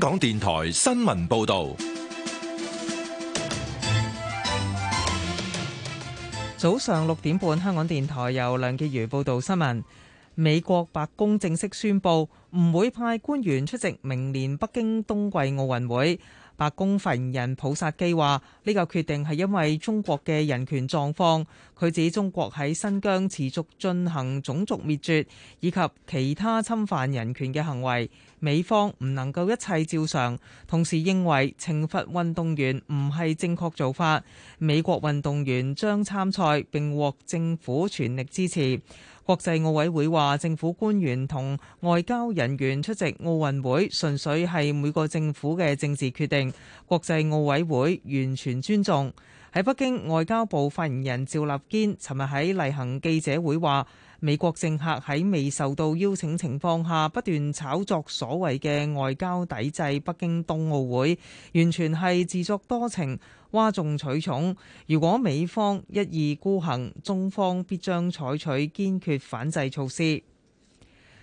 香港電台新聞報道，早上六點半，香港電台由梁潔如報道新聞。美國白宮正式宣佈，唔會派官員出席明年北京冬季奧運會。白宮發言人普薩基話：呢、這個決定係因為中國嘅人權狀況。佢指中國喺新疆持續進行種族滅絕以及其他侵犯人權嘅行為，美方唔能夠一切照常。同時認為懲罰運動員唔係正確做法。美國運動員將參賽，並獲政府全力支持。國際奧委會話：政府官員同外交人員出席奧運會，純粹係每個政府嘅政治決定，國際奧委會完全尊重。喺北京，外交部發言人趙立堅尋日喺例行記者會話。美國政客喺未受到邀請情況下不斷炒作所謂嘅外交抵制北京冬奧會，完全係自作多情、嘩眾取寵。如果美方一意孤行，中方必將採取堅決反制措施。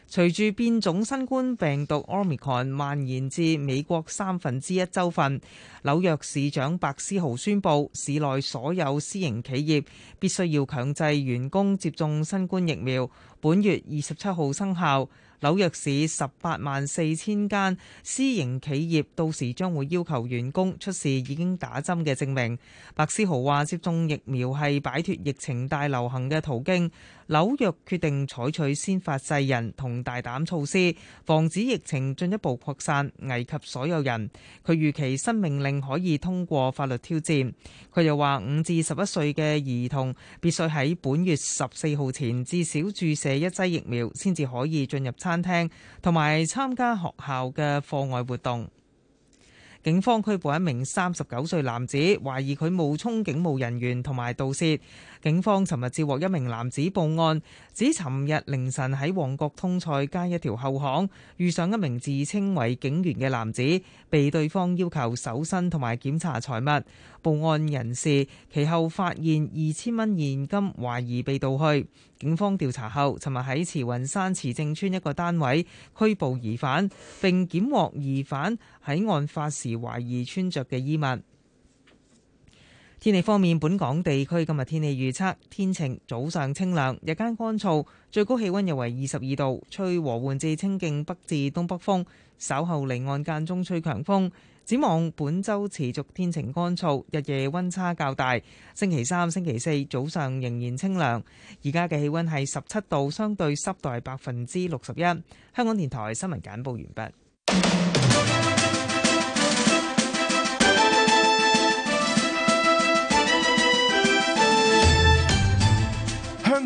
隨住變種新冠病毒 Omicron 蔓延至美國三分之一州份，紐約市長白思豪宣布，市內所有私營企業必須要強制員工接種新冠疫苗，本月二十七號生效。紐約市十八萬四千間私營企業到時將會要求員工出示已經打針嘅證明。白思豪話：接種疫苗係擺脫疫情大流行嘅途徑。紐約決定採取先發制人同大膽措施，防止疫情進一步擴散，危及所有人。佢預期新命令可以通過法律挑戰。佢又話：五至十一歲嘅兒童必須喺本月十四號前至少注射一劑疫苗，先至可以進入餐廳同埋參加學校嘅課外活動。警方拘捕一名三十九歲男子，懷疑佢冒充警務人員同埋盜竊。警方尋日接獲一名男子報案，指尋日凌晨喺旺角通菜街一條後巷遇上一名自稱為警員嘅男子，被對方要求搜身同埋檢查財物。報案人士其後發現二千蚊現金，懷疑被盜去。警方調查後，尋日喺慈雲山慈正邨一個單位拘捕疑犯，並檢獲疑犯喺案發時懷疑穿着嘅衣物。天氣方面，本港地區今日天氣預測天晴，天早上清涼，日間乾燥，最高氣溫約為二十二度，吹和緩至清勁北至東北風，稍後離岸間中吹強風。展望本周持續天晴乾燥，日夜溫差較大。星期三、星期四早上仍然清涼。而家嘅氣溫係十七度，相對濕度係百分之六十一。香港電台新聞簡報完畢。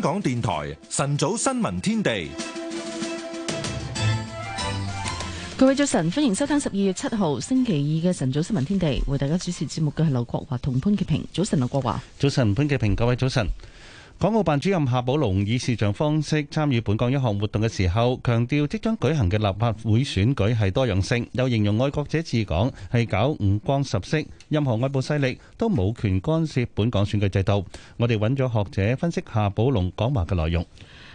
香港電台晨早新聞天地，各位早晨，歡迎收聽十二月七號星期二嘅晨早新聞天地，為大家主持節目嘅係劉國華同潘潔平。早晨，劉國華。早晨，潘潔平，各位早晨。港澳辦主任夏寶龍以視像方式參與本港一項活動嘅時候，強調即將舉行嘅立法會選舉係多樣性，又形容愛國者治港係搞五光十色，任何外部勢力都冇權干涉本港選舉制度。我哋揾咗學者分析夏寶龍講話嘅內容。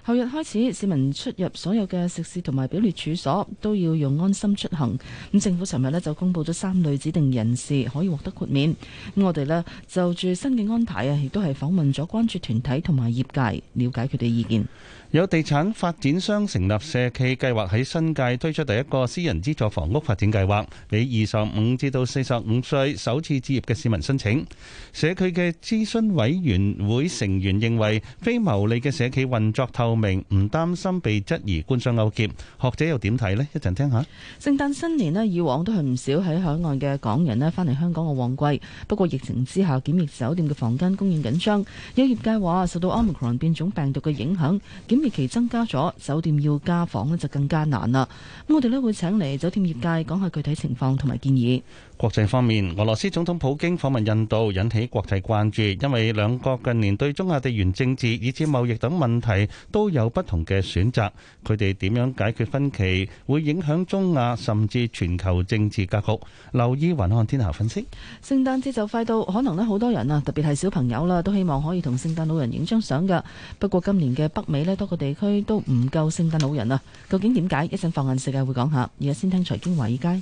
後日開始，市民出入所有嘅食肆同埋表列處所都要用安心出行。咁政府尋日呢就公布咗三類指定人士可以獲得豁免。咁我哋呢就住新嘅安排啊，亦都係訪問咗關注團體同埋業界，了解佢哋意見。有地產發展商成立社企，計劃喺新界推出第一個私人資助房屋發展計劃，俾二十五至到四十五歲首次置業嘅市民申請。社區嘅諮詢委員會成員認為，非牟利嘅社企運作透明，唔擔心被質疑官商勾結。學者又點睇呢？一陣聽下。聖誕新年呢，以往都係唔少喺海外嘅港人呢，翻嚟香港嘅旺季。不過疫情之下，檢疫酒店嘅房間供應緊張。有業界話，受到 Omicron 變種病毒嘅影響，檢假期增加咗，酒店要加房呢，就更加難啦。咁我哋呢，會請嚟酒店業界講下具體情況同埋建議。國際方面，俄羅斯總統普京訪問印度引起國際關注，因為兩國近年對中亞地緣政治以至貿易等問題都有不同嘅選擇。佢哋點樣解決分歧，會影響中亞甚至全球政治格局。留意雲漢天下分析。聖誕節就快到，可能咧好多人啊，特別係小朋友啦，都希望可以同聖誕老人影張相嘅。不過今年嘅北美咧，多個地區都唔夠聖誕老人啊。究竟點解？一陣放眼世界會講下。而家先聽財經華爾街。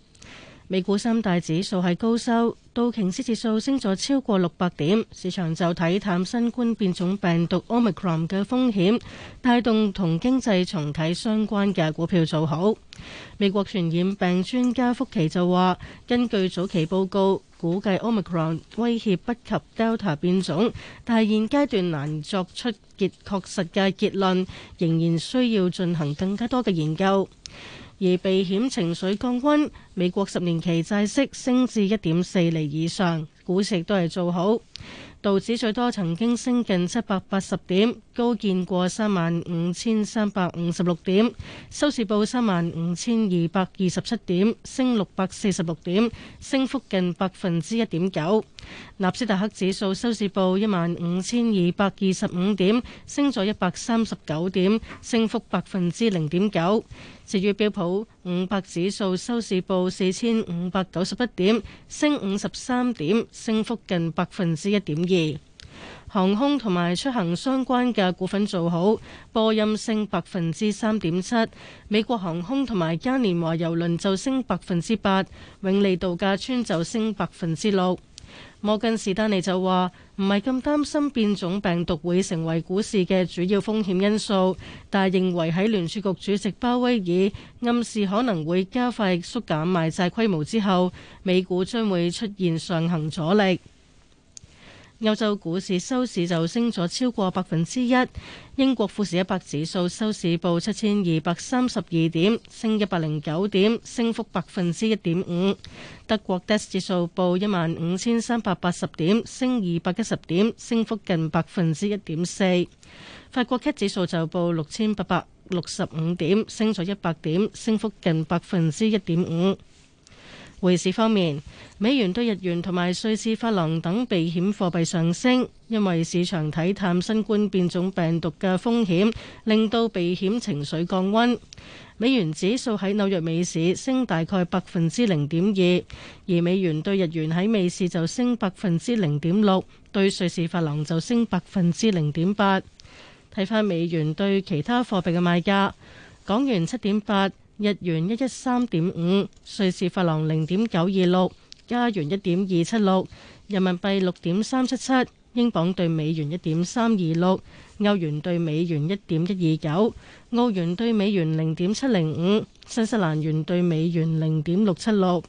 美股三大指數係高收，道瓊斯指數升咗超過六百點，市場就睇淡新冠變種病毒 Omicron 嘅風險，帶動同經濟重啟相關嘅股票做好。美國傳染病專家福奇就話：根據早期報告，估計 Omicron 威脅不及 Delta 變種，但係現階段難作出結確實嘅結論，仍然需要進行更加多嘅研究。而避險情緒降溫，美國十年期債息升至一點四厘以上，股市都係做好，道指最多曾經升近七百八十點。都見過三萬五千三百五十六點，收市報三萬五千二百二十七點，升六百四十六點，升幅近百分之一點九。納斯達克指數收市報一萬五千二百二十五點，升咗一百三十九點，升幅百分之零點九。至於標普五百指數收市報四千五百九十一點，升五十三點，升幅近百分之一點二。航空同埋出行相關嘅股份做好，波音升百分之三點七，美國航空同埋嘉年華郵輪就升百分之八，永利度假村就升百分之六。摩根士丹利就話唔係咁擔心變種病毒會成為股市嘅主要風險因素，但係認為喺聯儲局主席鮑威爾暗示可能會加快縮減買債規模之後，美股將會出現上行阻力。歐洲股市收市就升咗超過百分之一，英國富時一百指數收市報七千二百三十二點，升一百零九點，升幅百分之一點五。德國 DAX 指數報一萬五千三百八十點，升二百一十點，升幅近百分之一點四。法國 CAC 指數就報六千八百六十五點，升咗一百點，升幅近百分之一點五。匯市方面，美元對日元同埋瑞士法郎等避險貨幣上升，因為市場睇淡新冠變種病毒嘅風險，令到避險情緒降溫。美元指數喺紐約美市升大概百分之零點二，而美元對日元喺美市就升百分之零點六，對瑞士法郎就升百分之零點八。睇返美元對其他貨幣嘅賣價，港元七點八。日元一一三點五，瑞士法郎零點九二六，加元一點二七六，人民幣六點三七七，英鎊兌美元一點三二六，歐元兌美元一點一二九，澳元兌美元零點七零五，新西蘭元兌美元零點六七六。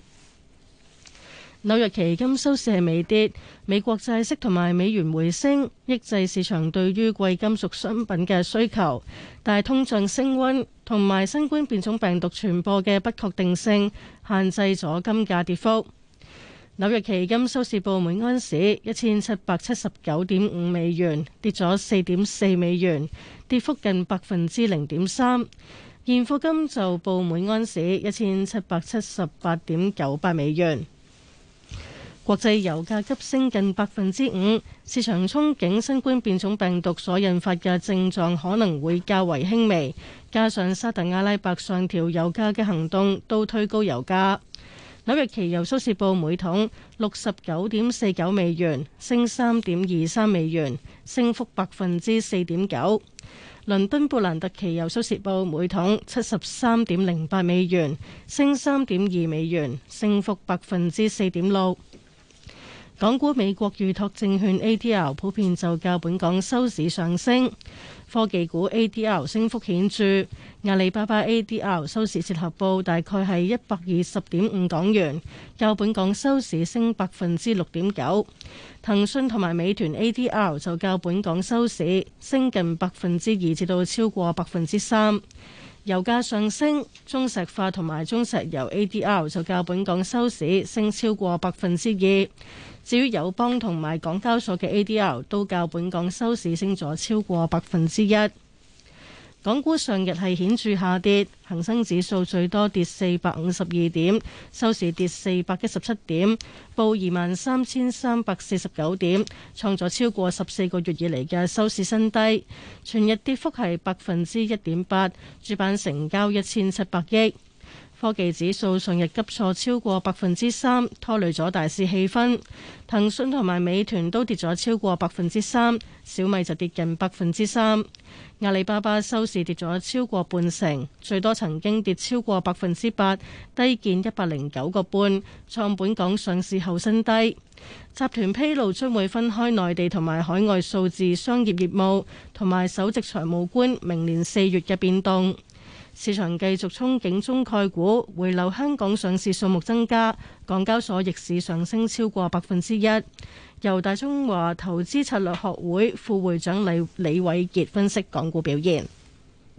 紐約期金收市係微跌，美國債息同埋美元回升，抑制市場對於貴金屬商品嘅需求。但係通脹升温同埋新冠變種病毒傳播嘅不確定性，限制咗金價跌幅。紐約期金收市報每安士一千七百七十九點五美元，跌咗四點四美元，跌幅近百分之零點三。現貨金就報每安士一千七百七十八點九八美元。國際油價急升近百分之五，市場憧憬新冠變種病毒所引發嘅症狀可能會較為輕微。加上沙特阿拉伯上調油價嘅行動，都推高油價。紐約期油收市報每桶六十九點四九美元，升三點二三美元，升幅百分之四點九。倫敦布蘭特期油收市報每桶七十三點零八美元，升三點二美元，升幅百分之四點六。港股美國預託證券 ADR 普遍，就較本港收市上升，科技股 ADR 升幅顯著。阿里巴巴 ADR 收市折合報大概係一百二十點五港元，較本港收市升百分之六點九。騰訊同埋美團 ADR 就較本港收市升近百分之二，至到超過百分之三。油價上升，中石化同埋中石油 ADR 就較本港收市升超過百分之二。至於友邦同埋港交所嘅 ADR 都較本港收市升咗超過百分之一。港股上日係顯著下跌，恒生指數最多跌四百五十二點，收市跌四百一十七點，報二萬三千三百四十九點，創咗超過十四個月以嚟嘅收市新低。全日跌幅係百分之一點八，主板成交一千七百億。科技指數上日急挫超過百分之三，拖累咗大市氣氛。騰訊同埋美團都跌咗超過百分之三，小米就跌近百分之三。阿里巴巴收市跌咗超過半成，最多曾經跌超過百分之八，低見一百零九個半，創本港上市後新低。集團披露將會分開內地同埋海外數字商業業務，同埋首席財務官明年四月嘅變動。市場繼續憧憬中概股回流，香港上市數目增加，港交所逆市上升超過百分之一。由大中華投資策略學會副會長李李偉傑分析港股表現。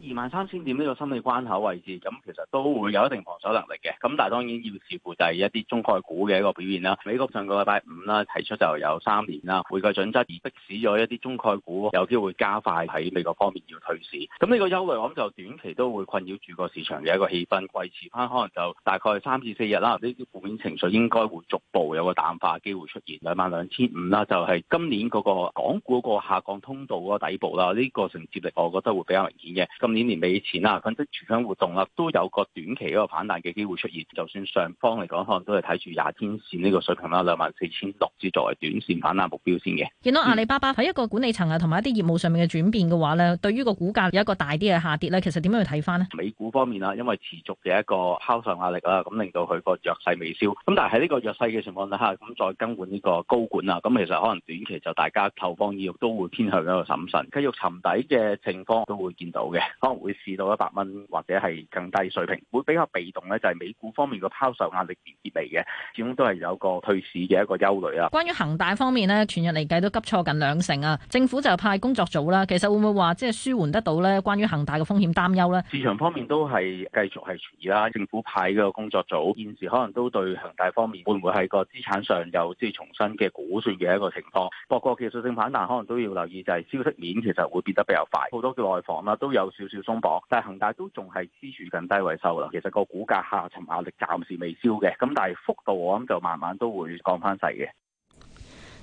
二萬三千點呢個心理關口位置，咁其實都會有一定防守能力嘅。咁但係當然要視乎就係一啲中概股嘅一個表現啦。美國上個禮拜五啦，提出就有三年啦，會計準則而迫使咗一啲中概股有機會加快喺美國方面要退市。咁呢個憂慮，我諗就短期都會困擾住個市場嘅一個氣氛。維持翻可能就大概三至四日啦，呢啲負面情緒應該會逐步有個淡化機會出現。兩萬兩千五啦，就係今年嗰個港股個下降通道嗰個底部啦。呢個承接力，我覺得會比較明顯嘅。年年尾前啦，反正除咗活動啦，都有個短期一個反彈嘅機會出現。就算上方嚟講，可能都係睇住廿天線呢個水平啦，兩萬四千六至作為短線反彈目標先嘅。見到阿里巴巴喺一個管理層啊，同埋一啲業務上面嘅轉變嘅話咧，對於個股價有一個大啲嘅下跌咧，其實點樣去睇翻呢？美股方面啊，因為持續嘅一個拋售壓力啦，咁令到佢個弱勢未消。咁但係喺呢個弱勢嘅情況下，咁再更換呢個高管啊，咁其實可能短期就大家投放意欲都會偏向一個審慎，繼續沉底嘅情況都會見到嘅。可能會試到一百蚊或者係更低水平，會比較被動咧，就係美股方面個拋售壓力而嚟嘅，始終都係有個退市嘅一個憂慮啊。關於恒大方面咧，全日嚟計都急挫近兩成啊。政府就派工作組啦，其實會唔會話即係舒緩得到咧？關於恒大嘅風險擔憂咧？市場方面都係繼續係存疑啦。政府派嘅工作組現時可能都對恒大方面會唔會係個資產上有即係重新嘅估算嘅一個情況。不過技術性反彈可能都要留意，就係消息面其實會變得比較快，好多嘅內房啦都有少。要但係恒大都仲係支柱近低位收啦。其實個股價下沉壓力暫時未消嘅，咁但係幅度我諗就慢慢都會降翻細嘅。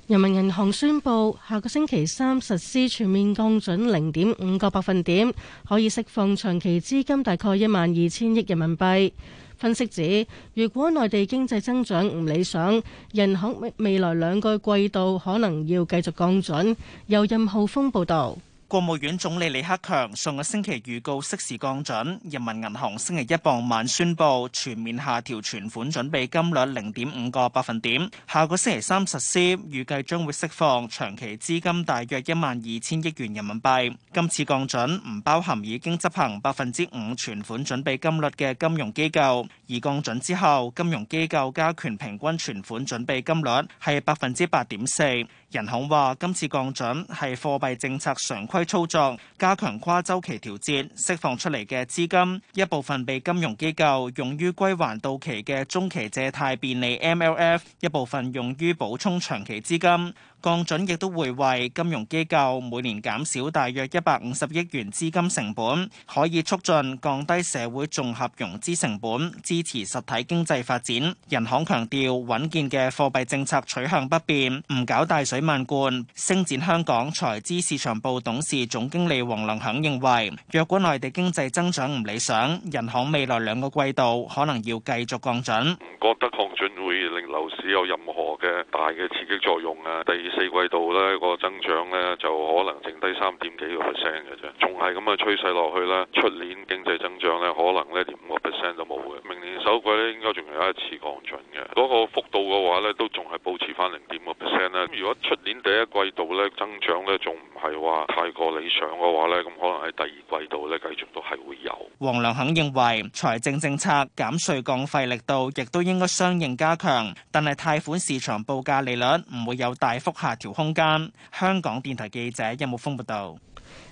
人民銀行宣布下個星期三實施全面降準零點五個百分點，可以釋放長期資金大概一萬二千億人民幣。分析指，如果內地經濟增長唔理想，人行未來兩個季度可能要繼續降準。由任浩峰報導。國務院總理李克強上個星期預告適時降準，人民銀行星期一傍晚宣布全面下調存款準備金率零點五個百分點，下個星期三實施，預計將會釋放長期資金大約一萬二千億元人民幣。今次降準唔包含已經執行百分之五存款準備金率嘅金融機構，而降準之後金融機構加權平均存款準備金率係百分之八點四。人行話今次降準係貨幣政策常規。操作加強跨周期調節，釋放出嚟嘅資金，一部分被金融機構用於歸還到期嘅中期借貸便利 MLF，一部分用於補充長期資金。降準亦都會為金融機構每年減少大約一百五十億元資金成本，可以促進降低社會綜合融資成本，支持實體經濟發展。人行強調穩健嘅貨幣政策取向不變，唔搞大水漫灌。星展香港財資市場部董事總經理王良享認為，若果內地經濟增長唔理想，人行未來兩個季度可能要繼續降準。唔覺得降準會令樓市有任何嘅大嘅刺激作用啊。第二四季度咧、那個增長咧就可能剩低三點幾個 percent 嘅啫，仲係咁嘅趨勢落去啦。出年經濟增長咧可能咧五個 percent 都冇嘅，明年首季咧應該仲有一次降準嘅，嗰、那個幅度嘅話咧都仲係保持翻零點五個 percent 啦。咁如果出年第一季度咧增長咧仲唔係話？個理想嘅話咧，咁可能喺第二季度咧，繼續都係會有。黃良肯認為財政政策減稅降費力度亦都應該相應加強，但係貸款市場報價利率唔會有大幅下調空間。香港電台記者任木峰報道。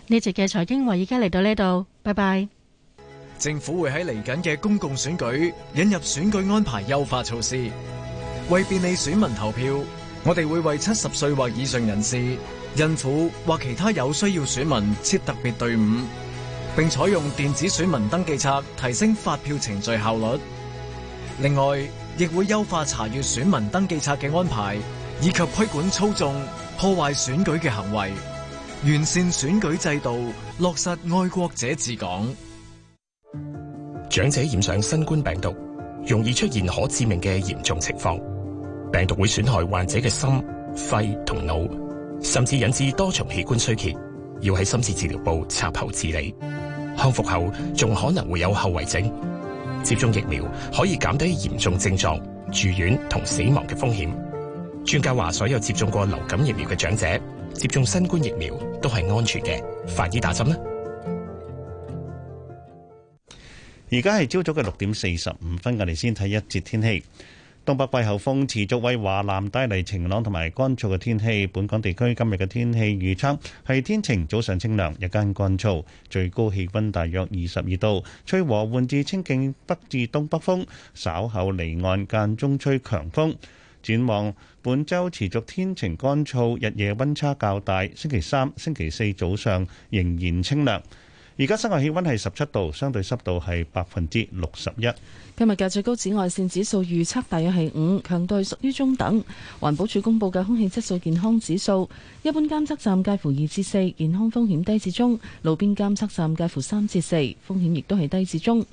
呢節嘅財經話而家嚟到呢度，拜拜。政府會喺嚟緊嘅公共選舉引入選舉安排優化措施，為便利選民投票，我哋會為七十歲或以上人士。孕婦或其他有需要選民設特別隊伍，并採用電子選民登記冊，提升發票程序效率。另外，亦會優化查閱選民登記冊嘅安排，以及規管操縱，破壞選舉嘅行為，完善選舉制度，落實愛國者治港。長者染上新冠病毒，容易出現可致命嘅嚴重情況，病毒會損害患者嘅心、肺同腦。甚至引致多重器官衰竭，要喺深切治療部插喉治理。康復後，仲可能會有後遺症。接種疫苗可以減低嚴重症狀、住院同死亡嘅風險。專家話，所有接種過流感疫苗嘅長者，接種新冠疫苗都係安全嘅。快啲打針啦！而家係朝早嘅六點四十五分，我哋先睇一節天氣。東北季候風持續為華南帶嚟晴朗同埋乾燥嘅天氣。本港地區今日嘅天氣預測係天晴，早上清涼，日間乾燥，最高氣溫大約二十二度，吹和緩至清勁，北至東北風，稍後離岸間中吹強風。展望本周持續天晴乾燥，日夜溫差較大。星期三、星期四早上仍然清涼。而家室外氣溫係十七度，相對濕度係百分之六十一。今日嘅最高紫外線指數預測大約係五，強度屬於中等。環保署公布嘅空氣質素健康指數，一般監測站介乎二至四，健康風險低至中；路邊監測站介乎三至四，風險亦都係低至中。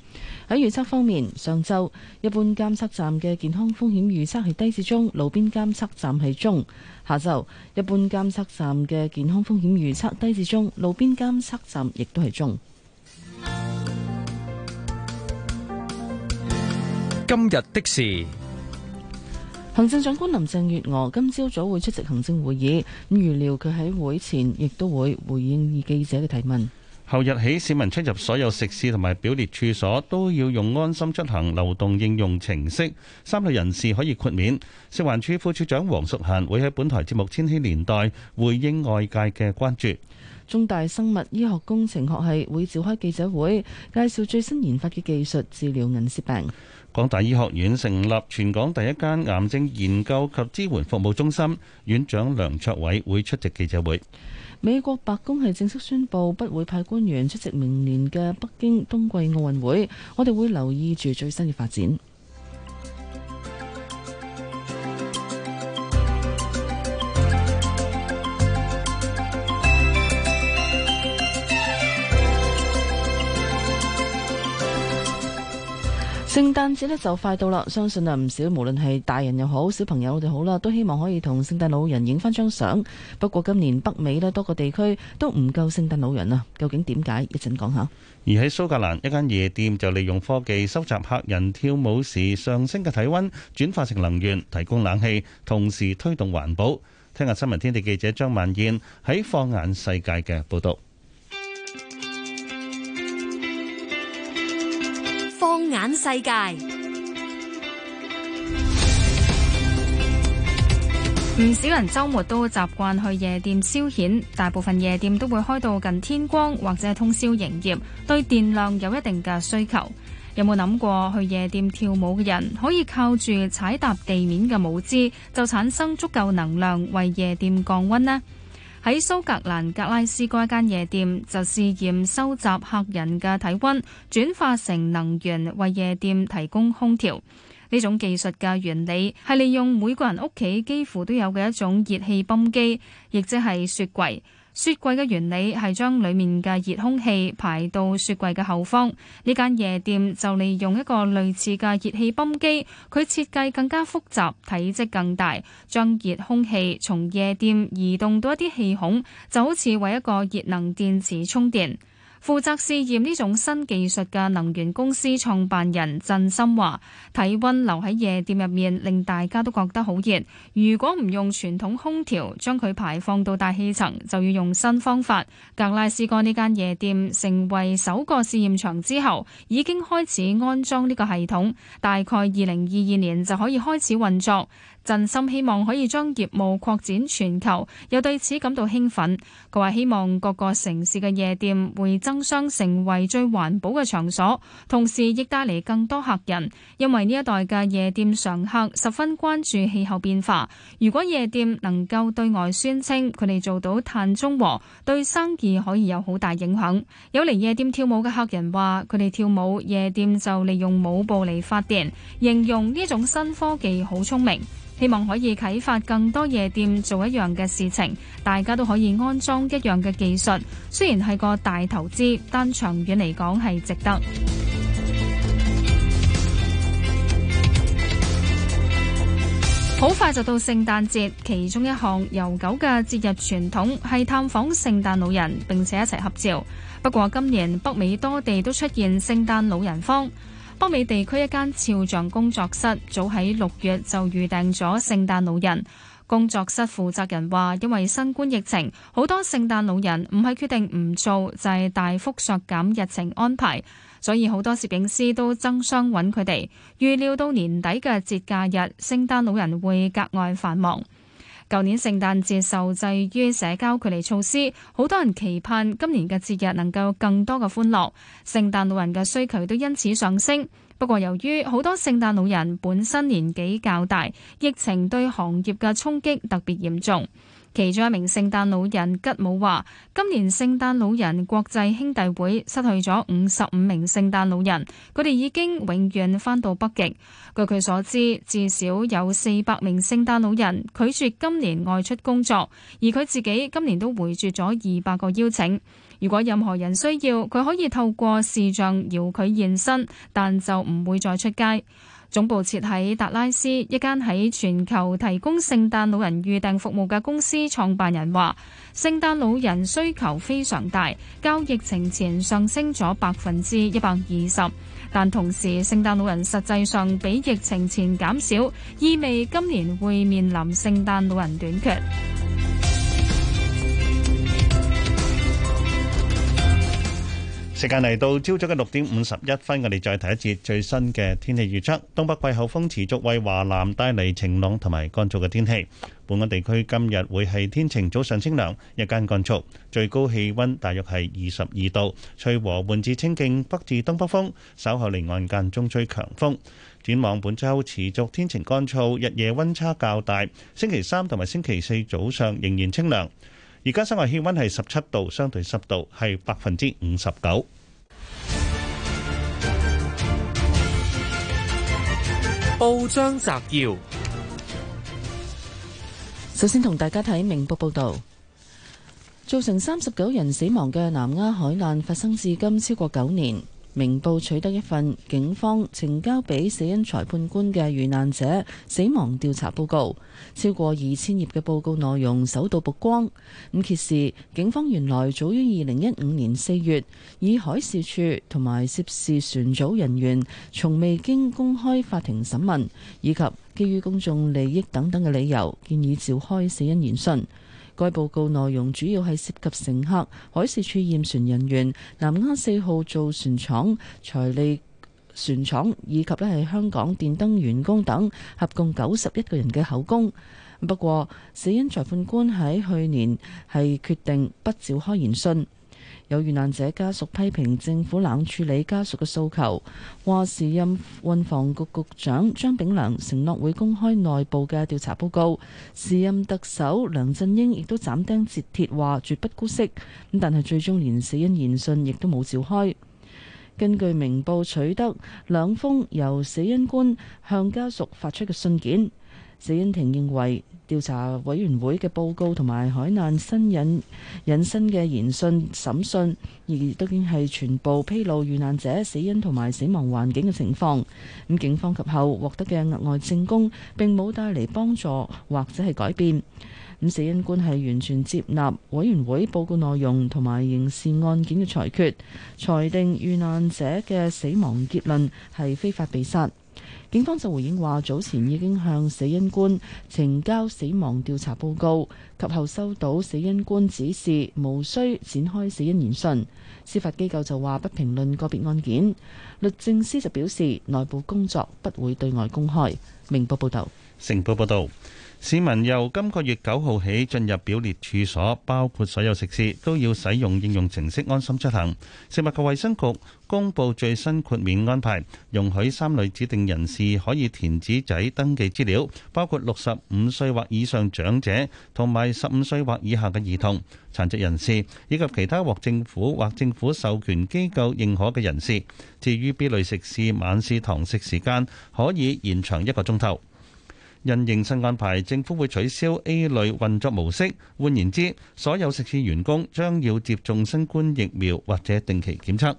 喺預測方面，上晝一般監測站嘅健康風險預測係低至中，路邊監測站係中；下晝一般監測站嘅健康風險預測低至中，路邊監測站亦都係中。今日的事，行政長官林鄭月娥今朝早早會出席行政會議，咁預料佢喺會前亦都會回應記者嘅提問。後日起，市民出入所有食肆同埋表列處所都要用安心出行流動應用程式。三類人士可以豁免。食環署副署長黃淑嫻會喺本台節目《千禧年代》回應外界嘅關注。中大生物醫學工程學系會召開記者會，介紹最新研發嘅技術治療銀屑病。港大醫學院成立全港第一間癌症研究及支援服務中心，院長梁卓偉會出席記者會。美國白宮係正式宣布不會派官員出席明年嘅北京冬季奧運會，我哋會留意住最新嘅發展。聖誕節呢就快到啦，相信啊唔少無論係大人又好小朋友都好啦，都希望可以同聖誕老人影返張相。不過今年北美呢多個地區都唔夠聖誕老人啦，究竟點解？一陣講下。而喺蘇格蘭一間夜店就利用科技收集客人跳舞時上升嘅體温，轉化成能源提供冷氣，同時推動環保。聽日新聞天地記者張萬燕喺放眼世界嘅報道。眼世界，唔少人周末都習慣去夜店消遣，大部分夜店都會開到近天光或者通宵營業，對電量有一定嘅需求。有冇諗過去夜店跳舞嘅人可以靠住踩踏地面嘅舞姿，就產生足夠能量為夜店降温呢？喺蘇格蘭格拉斯哥一間夜店就試驗收集客人嘅體溫，轉化成能源，為夜店提供空調。呢種技術嘅原理係利用每個人屋企幾乎都有嘅一種熱氣泵機，亦即係雪櫃。雪櫃嘅原理係將裡面嘅熱空氣排到雪櫃嘅後方。呢間夜店就利用一個類似嘅熱氣泵機，佢設計更加複雜，體積更大，將熱空氣從夜店移動到一啲氣孔，就好似為一個熱能電池充電。負責試驗呢種新技術嘅能源公司創辦人鄭心華：體温留喺夜店入面，令大家都覺得好熱。如果唔用傳統空調將佢排放到大氣層，就要用新方法。格拉斯哥呢間夜店成為首個試驗場之後，已經開始安裝呢個系統，大概二零二二年就可以開始運作。振心希望可以將業務擴展全球，又對此感到興奮。佢話希望各個城市嘅夜店會爭相成為最環保嘅場所，同時亦帶嚟更多客人，因為呢一代嘅夜店常客十分關注氣候變化，如果夜店能夠對外宣稱佢哋做到碳中和，對生意可以有好大影響，有嚟夜店跳舞嘅客人話，佢哋跳舞，夜店就利用舞步嚟發電，形容呢種新科技好聰明。希望可以啟發更多夜店做一樣嘅事情，大家都可以安裝一樣嘅技術。雖然係個大投資，但長遠嚟講係值得。好 快就到聖誕節，其中一項悠久嘅節日傳統係探訪聖誕老人，並且一齊合照。不過今年北美多地都出現聖誕老人荒。北美地區一間肖像工作室早喺六月就預訂咗聖誕老人。工作室負責人話：因為新冠疫情，好多聖誕老人唔係決定唔做，就係大幅削減日程安排。所以好多攝影師都爭相揾佢哋。預料到年底嘅節假日，聖誕老人會格外繁忙。舊年聖誕節受制於社交距離措施，好多人期盼今年嘅節日能夠有更多嘅歡樂。聖誕老人嘅需求都因此上升。不過，由於好多聖誕老人本身年紀較大，疫情對行業嘅衝擊特別嚴重。其中一名聖誕老人吉姆話，今年聖誕老人國際兄弟會失去咗五十五名聖誕老人，佢哋已經永遠返到北極。據佢所知，至少有四百名聖誕老人拒絕今年外出工作，而佢自己今年都回絕咗二百個邀請。如果任何人需要，佢可以透過視像邀佢現身，但就唔會再出街。總部設喺達拉斯一間喺全球提供聖誕老人預訂服務嘅公司創辦人話：聖誕老人需求非常大，較疫情前上升咗百分之一百二十，但同時聖誕老人實際上比疫情前減少，意味今年會面臨聖誕老人短缺。時間嚟到朝早嘅六點五十一分，我哋再睇一節最新嘅天氣預測。東北季候風持續為華南帶嚟晴朗同埋乾燥嘅天氣。本港地區今日會係天晴，早上清涼，日間乾燥，最高氣溫大約係二十二度，吹和緩至清勁北至東北風，稍後離岸間中吹強風。展望本周持續天晴乾燥，日夜溫差較大。星期三同埋星期四早上仍然清涼。而家室外氣温係十七度，相對濕度係百分之五十九。報章摘要：首先同大家睇明報報道，造成三十九人死亡嘅南丫海難發生至今超過九年。明報取得一份警方呈交俾死因裁判官嘅遇難者死亡調查報告，超過二千頁嘅報告內容首度曝光。咁揭示警方原來早於二零一五年四月，以海事處同埋涉事船組人員從未經公開法庭審問，以及基於公眾利益等等嘅理由，建議召開死因研訊。該報告內容主要係涉及乘客、海事處驗船人員、南丫四號造船廠、財利船廠以及咧係香港電燈員工等，合共九十一個人嘅口供。不過，死因裁判官喺去年係決定不召開研訊。有遇難者家屬批評政府冷處理家屬嘅訴求，話時任運防局局長張炳良承諾會公開內部嘅調查報告。時任特首梁振英亦都斬釘截鐵話絕不姑息，咁但係最終連死因研訊亦都冇召開。根據明報取得兩封由死因官向家屬發出嘅信件。死因庭認為調查委員會嘅報告同埋海難新引引申嘅言訊審訊，而亦都已經係全部披露遇難者死因同埋死亡環境嘅情況。咁警方及後獲得嘅額外證供並冇帶嚟幫助或者係改變。咁死因官係完全接納委員會報告內容同埋刑事案件嘅裁決，裁定遇難者嘅死亡結論係非法被殺。警方就回應話：早前已經向死因官呈交死亡調查報告，及後收到死因官指示，無需展開死因研訊。司法機構就話不評論個別案件。律政司就表示內部工作不會對外公開。明報報導，成報報導。市民由今個月九號起進入表列處所，包括所有食肆，都要使用應用程式安心出行。食物及衛生局公布最新豁免安排，容許三類指定人士可以填紙仔登記資料，包括六十五歲或以上長者，同埋十五歲或以下嘅兒童、殘疾人士以及其他獲政府或政府授權機構認可嘅人士。至於 B 類食肆晚市堂食時間可以延長一個鐘頭。因應新安排，政府會取消 A 類運作模式。換言之，所有食肆員工將要接種新冠疫苗或者定期檢測。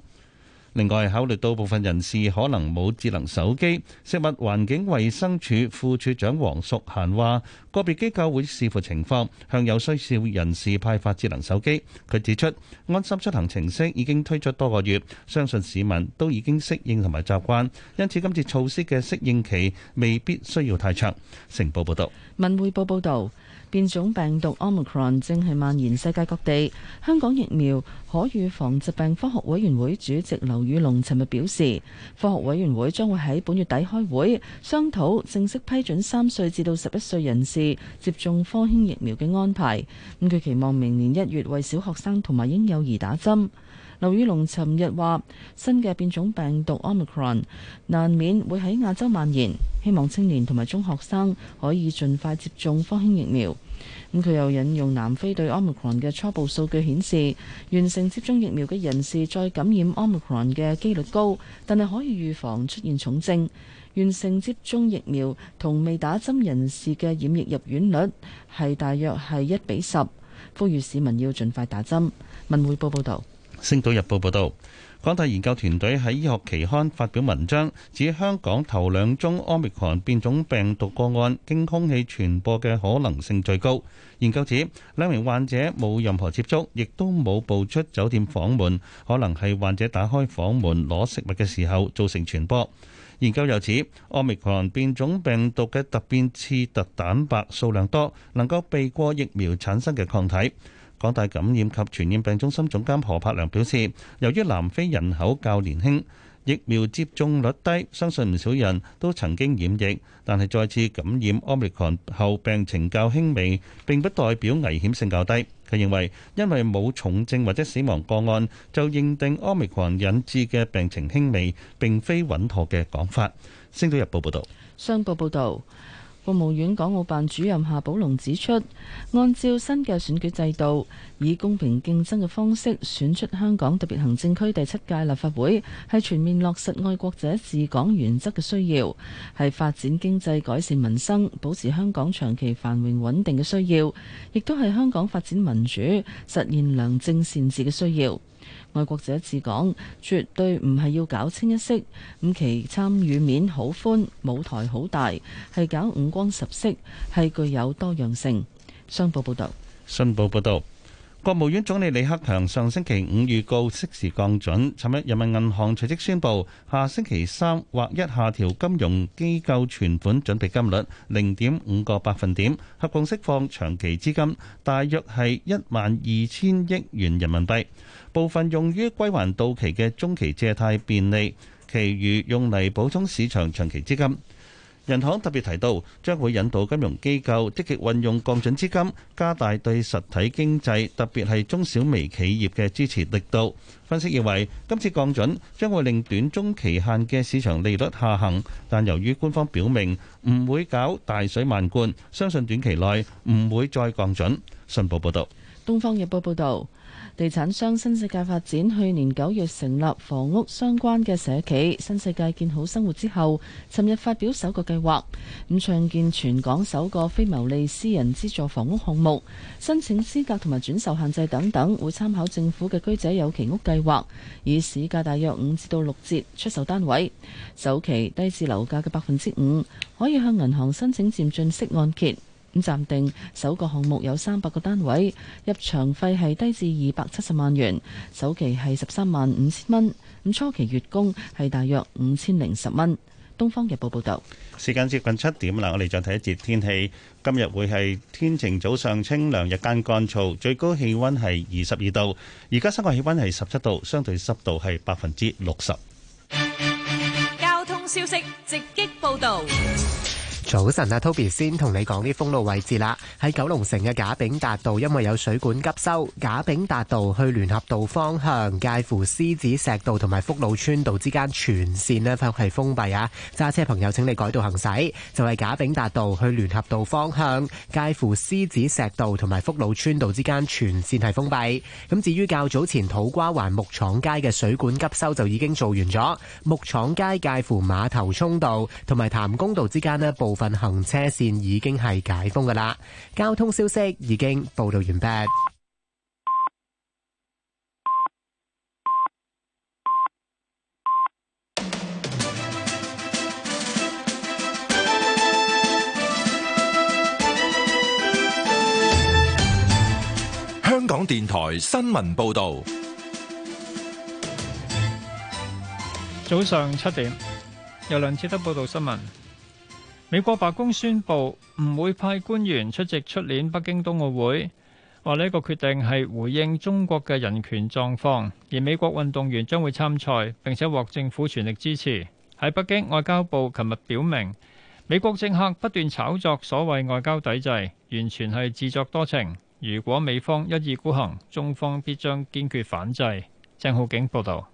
另外，考慮到部分人士可能冇智能手機，食物環境衛生署副署長黃淑嫻話個別機構會視乎情況向有需要人士派發智能手機，佢指出，安心出行程式已經推出多個月，相信市民都已經適應同埋習慣，因此今次措施嘅適應期未必需要太長。成報報道，文匯報報道，變種病毒 omicron 正係蔓延世界各地。香港疫苗可預防疾病科學委員會主席劉。劉宇龍尋日表示，科學委員會將會喺本月底開會商討正式批准三歲至到十一歲人士接種科興疫苗嘅安排。咁佢期望明年一月為小學生同埋嬰幼兒打針。劉宇龍尋日話，新嘅變種病毒 Omicron 難免會喺亞洲蔓延，希望青年同埋中學生可以盡快接種科興疫苗。佢又引用南非對 Omicron 嘅初步數據顯示，完成接種疫苗嘅人士再感染 Omicron 嘅機率高，但係可以預防出現重症。完成接種疫苗同未打針人士嘅染疫入院率係大約係一比十。呼籲市民要盡快打針。文匯報報道。星島日報報道。港大研究團隊喺醫學期刊發表文章，指香港頭兩宗奧密克戎變種病毒個案，經空氣傳播嘅可能性最高。研究指兩名患者冇任何接觸，亦都冇步出酒店房門，可能係患者打開房門攞食物嘅時候造成傳播。研究又指奧密克戎變種病毒嘅突變刺突蛋白數量多，能夠避過疫苗產生嘅抗體。港大感染及傳染病中心總監何柏良表示，由於南非人口較年輕，疫苗接種率低，相信唔少人都曾經染疫，但係再次感染 Omicron 後病情較輕微，並不代表危險性較低。佢認為，因為冇重症或者死亡個案，就認定 Omicron 引致嘅病情輕微，並非穩妥嘅講法。星島日報報導，商報報導。國務院港澳辦主任夏寶龍指出，按照新嘅選舉制度，以公平競爭嘅方式選出香港特別行政區第七屆立法會，係全面落實愛國者治港原則嘅需要，係發展經濟、改善民生、保持香港長期繁榮穩定嘅需要，亦都係香港發展民主、實現良政善治嘅需要。愛國者治港，絕對唔係要搞清一色，咁其參與面好寬，舞台好大，係搞五光十色，係具有多樣性。商報報道，新報報道。國務院總理李克強上星期五預告適時降準。尋日，人民銀行隨即宣佈，下星期三或一下調金融機構存款準備金率零點五個百分點，合共釋放長期資金大約係一萬二千億元人民幣，部分用於歸還到期嘅中期借貸便利，其餘用嚟補充市場長期資金。人行特別提到，將會引導金融機構積極運用降準資金，加大對實體經濟，特別係中小微企業嘅支持力度。分析認為，今次降準將會令短中期限嘅市場利率下行，但由於官方表明唔會搞大水漫灌，相信短期內唔會再降準。信報報導，東方日報報導。地產商新世界發展去年九月成立房屋相關嘅社企新世界建好生活之後，尋日發表首個計劃，咁創建全港首個非牟利私人資助房屋項目，申請資格同埋轉售限制等等會參考政府嘅居者有其屋計劃，以市價大約五至到六折出售單位，首期低至樓價嘅百分之五，可以向銀行申請漸進式按揭。咁暫定，首個項目有三百個單位，入場費係低至二百七十萬元，首期係十三萬五千蚊，咁初期月供係大約五千零十蚊。《東方日報》報導。時間接近七點啦，我哋再睇一節天氣。今日會係天晴，早上清涼，日間乾燥，最高氣温係二十二度。而家室外氣温係十七度，相對濕度係百分之六十。交通消息直擊報導。早晨啊，Toby 先同你講啲封路位置啦。喺九龍城嘅賈炳達道，因為有水管急修，賈炳達道去聯合道方向介乎獅子石道同埋福佬村道之間全線呢係封閉啊。揸車朋友，請你改道行駛，就係賈炳達道去聯合道方向介乎獅子石道同埋福佬村道之間全線係封閉。咁至於較早前土瓜灣木廠街嘅水管急修就已經做完咗，木廠街介乎馬頭涌道同埋譚公道之間呢部份行車線已經係解封噶啦，交通消息已經報道完畢。香港電台新聞報道，早上七點由梁志德報道新聞。美國白宮宣布唔會派官員出席出年北京冬奧會，話呢個決定係回應中國嘅人權狀況，而美國運動員將會參賽並且獲政府全力支持。喺北京外交部琴日表明，美國政客不斷炒作所謂外交抵制，完全係自作多情。如果美方一意孤行，中方必將堅決反制。鄭浩景報道。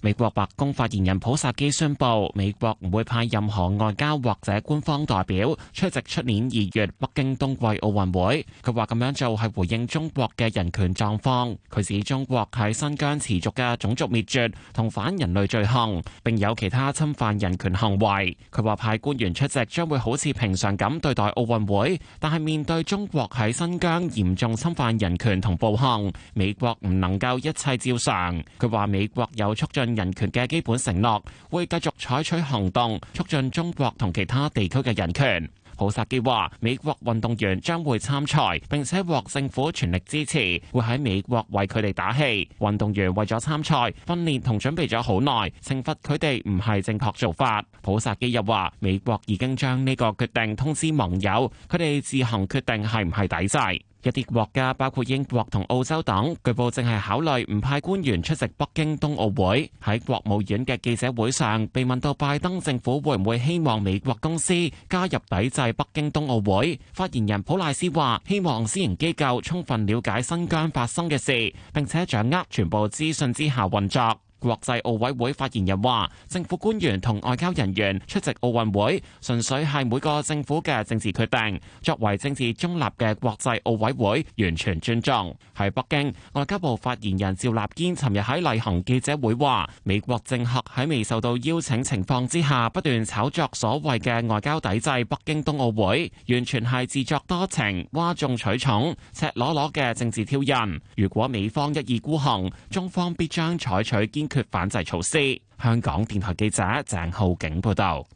美國白宮發言人普薩基宣布，美國唔會派任何外交或者官方代表出席出年二月北京冬季奧運會。佢話咁樣做係回應中國嘅人權狀況。佢指中國喺新疆持續嘅種族滅絕同反人類罪行，並有其他侵犯人權行為。佢話派官員出席將會好似平常咁對待奧運會，但係面對中國喺新疆嚴重侵犯人權同暴行，美國唔能夠一切照常。佢話美國有促進人權嘅基本承諾，會繼續採取行動促進中國同其他地區嘅人權。普薩基話：美國運動員將會參賽，並且獲政府全力支持，會喺美國為佢哋打氣。運動員為咗參賽訓練同準備咗好耐，懲罰佢哋唔係正確做法。普薩基又話：美國已經將呢個決定通知盟友，佢哋自行決定係唔係抵制。一啲國家包括英國同澳洲等，據報正係考慮唔派官員出席北京冬奧會。喺國務院嘅記者會上，被問到拜登政府會唔會希望美國公司加入抵制北京冬奧會，發言人普賴斯話：希望私營機構充分了解新疆發生嘅事，並且掌握全部資訊之下運作。國際奧委會發言人話：政府官員同外交人員出席奧運會，純粹係每個政府嘅政治決定。作為政治中立嘅國際奧委會，完全尊重。喺北京，外交部發言人趙立堅尋日喺例行記者會話：美國政客喺未受到邀請情況之下，不斷炒作所謂嘅外交抵制北京冬奧會，完全係自作多情、嘩眾取寵、赤裸裸嘅政治挑釁。如果美方一意孤行，中方必將採取堅。決反制措施。香港電台記者鄭浩景報道。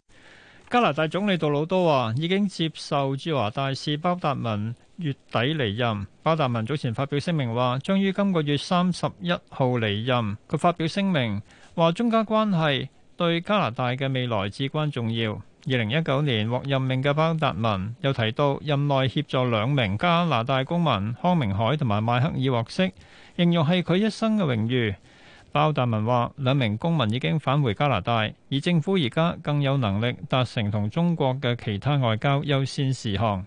加拿大總理杜魯多話，已經接受駐華大使鮑達民月底離任。鮑達民早前發表聲明話，將於今個月三十一號離任。佢發表聲明話，中加關係對加拿大嘅未來至關重要。二零一九年獲任命嘅鮑達民又提到，任內協助兩名加拿大公民康明凱同埋邁克爾獲釋，形容係佢一生嘅榮譽。包大文話：兩名公民已經返回加拿大，而政府而家更有能力達成同中國嘅其他外交優先事項。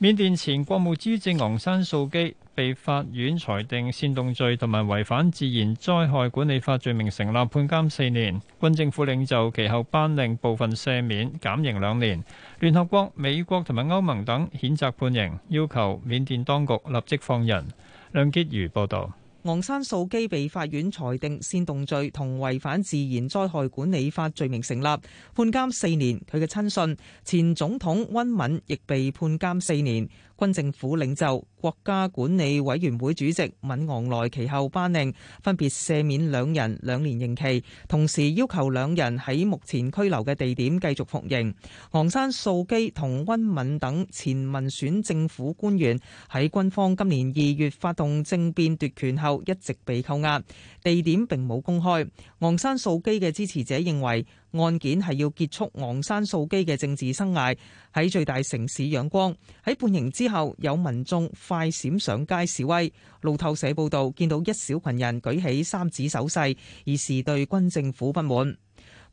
緬甸前國務資政昂山素姬被法院裁定煽動罪同埋違反自然災害管理法罪名成立，判監四年。軍政府領袖其後頒令部分赦免，減刑兩年。聯合國、美國同埋歐盟等譴責判刑，要求緬甸當局立即放人。梁潔如報導。昂山素姬被法院裁定煽動罪同違反自然災害管理法罪名成立，判監四年。佢嘅親信前總統温敏亦被判監四年。軍政府領袖、國家管理委員會主席敏昂萊其後頒令分別赦免兩人兩年刑期，同時要求兩人喺目前拘留嘅地點繼續服刑。昂山素姬同温敏等前民選政府官員喺軍方今年二月發動政變奪權後一直被扣押，地點並冇公開。昂山素姬嘅支持者認為，案件係要結束昂山素基嘅政治生涯。喺最大城市仰光，喺判刑之後，有民眾快閃上街示威。路透社報道，見到一小群人舉起三指手勢，以示對軍政府不滿。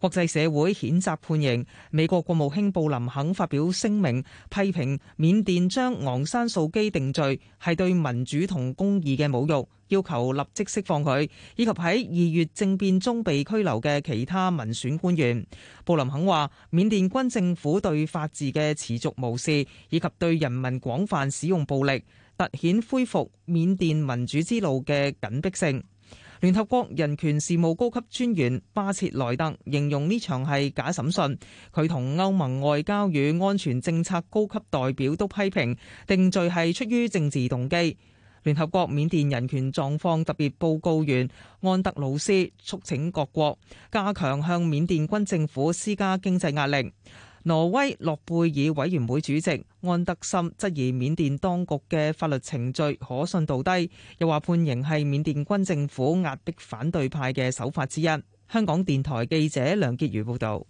國際社會譴責判刑。美國國務卿布林肯發表聲明，批評緬甸將昂山素基定罪係對民主同公義嘅侮辱，要求立即釋放佢，以及喺二月政變中被拘留嘅其他民選官員。布林肯話：緬甸軍政府對法治嘅持續無視，以及對人民廣泛使用暴力，凸顯恢復緬甸民主之路嘅緊迫性。聯合國人權事務高級專員巴切萊特形容呢場係假審訊，佢同歐盟外交與安全政策高級代表都批評定罪係出於政治動機。聯合國緬甸人權狀況特別報告員安德魯斯促請各國加強向緬甸軍政府施加經濟壓力。挪威諾貝爾委員會主席安德森質疑緬甸當局嘅法律程序可信度低，又話判刑係緬甸軍政府壓迫反對派嘅手法之一。香港電台記者梁潔如報道，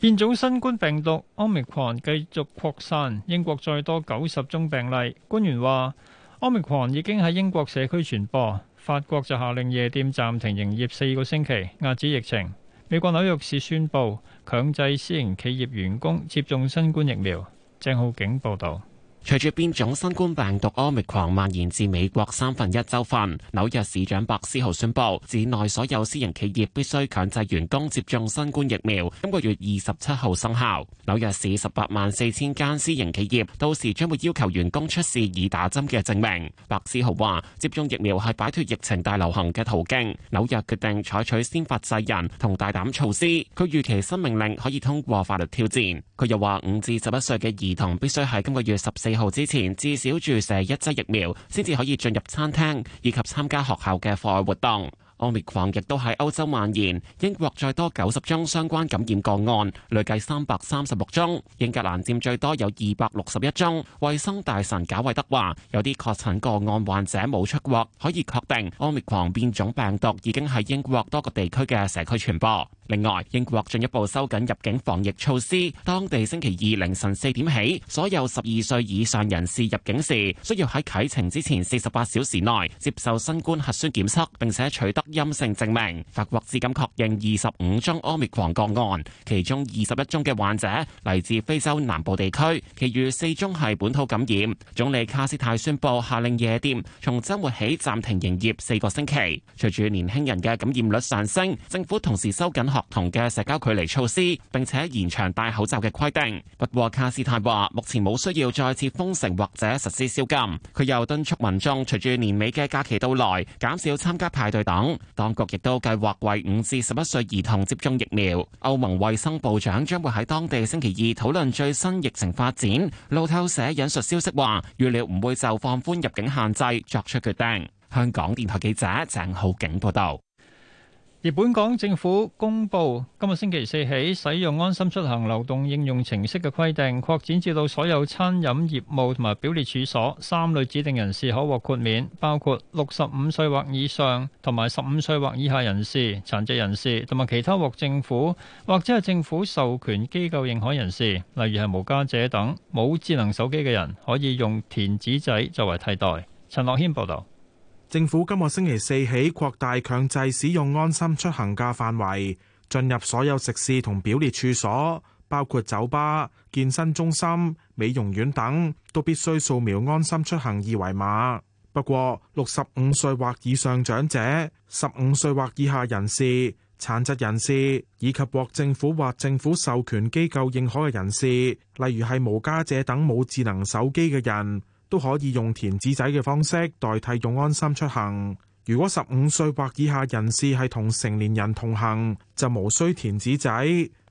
變種新冠病毒奧密克戎繼續擴散，英國再多九十宗病例，官員話奧密克戎已經喺英國社區傳播。法國就下令夜店暫停營業四個星期，壓止疫情。美國紐約市宣布強制私營企業員工接種新冠疫苗。鄭浩景報導。隨住變種新冠病毒 Omicron 蔓延至美國三分一州份，紐約市長白思豪宣布，市內所有私營企業必須強制員工接種新冠疫苗，今個月二十七號生效。紐約市十八萬四千間私營企業，到時將會要求員工出示已打針嘅證明。白思豪話：接種疫苗係擺脱疫情大流行嘅途徑。紐約決定採取先發制人同大膽措施。佢預期新命令可以通過法律挑戰。佢又話：五至十一歲嘅兒童必須喺今個月十四。二號之前至少注射一劑疫苗，先至可以進入餐廳以及參加學校嘅課外活動。安滅狂亦都喺歐洲蔓延，英國再多九十宗相關感染個案，累計三百三十六宗。英格蘭佔最多有二百六十一宗。衛生大臣賈偉德話，有啲確診個案患者冇出國，可以確定安滅狂變種病毒已經喺英國多個地區嘅社區傳播。另外，英國進一步收緊入境防疫措施。當地星期二凌晨四點起，所有十二歲以上人士入境時，需要喺啟程之前四十八小時內接受新冠核酸檢測並且取得陰性證明。法國至今確認二十五宗 Omicron 個案，其中二十一宗嘅患者嚟自非洲南部地區，其餘四宗係本土感染。總理卡斯泰宣布下令夜店從週末起暫停營業四個星期。隨住年輕人嘅感染率上升，政府同時收緊學同嘅社交距離措施，並且延長戴口罩嘅規定。不過，卡斯泰話目前冇需要再次封城或者實施宵禁。佢又敦促民眾隨住年尾嘅假期到來，減少參加派對等。當局亦都計劃為五至十一歲兒童接種疫苗。歐盟衞生部長將會喺當地星期二討論最新疫情發展。路透社引述消息話，預料唔會就放寬入境限制作出決定。香港電台記者鄭浩景報道。而本港政府公布，今日星期四起使用安心出行流動應用程式嘅規定，擴展至到所有餐飲業務同埋表列處所。三類指定人士可獲豁免，包括六十五歲或以上同埋十五歲或以下人士、殘疾人士同埋其他獲政府或者係政府授權機構認可人士，例如係無家者等，冇智能手機嘅人可以用填紙仔作為替代。陳樂謙報道。政府今個星期四起擴大強制使用安心出行嘅範圍，進入所有食肆同表列處所，包括酒吧、健身中心、美容院等，都必須掃描安心出行二維碼。不過，六十五歲或以上長者、十五歲或以下人士、殘疾人士以及獲政府或政府授權機構認可嘅人士，例如係無家者等冇智能手機嘅人。都可以用填紙仔嘅方式代替用安心出行。如果十五歲或以下人士係同成年人同行，就無需填紙仔。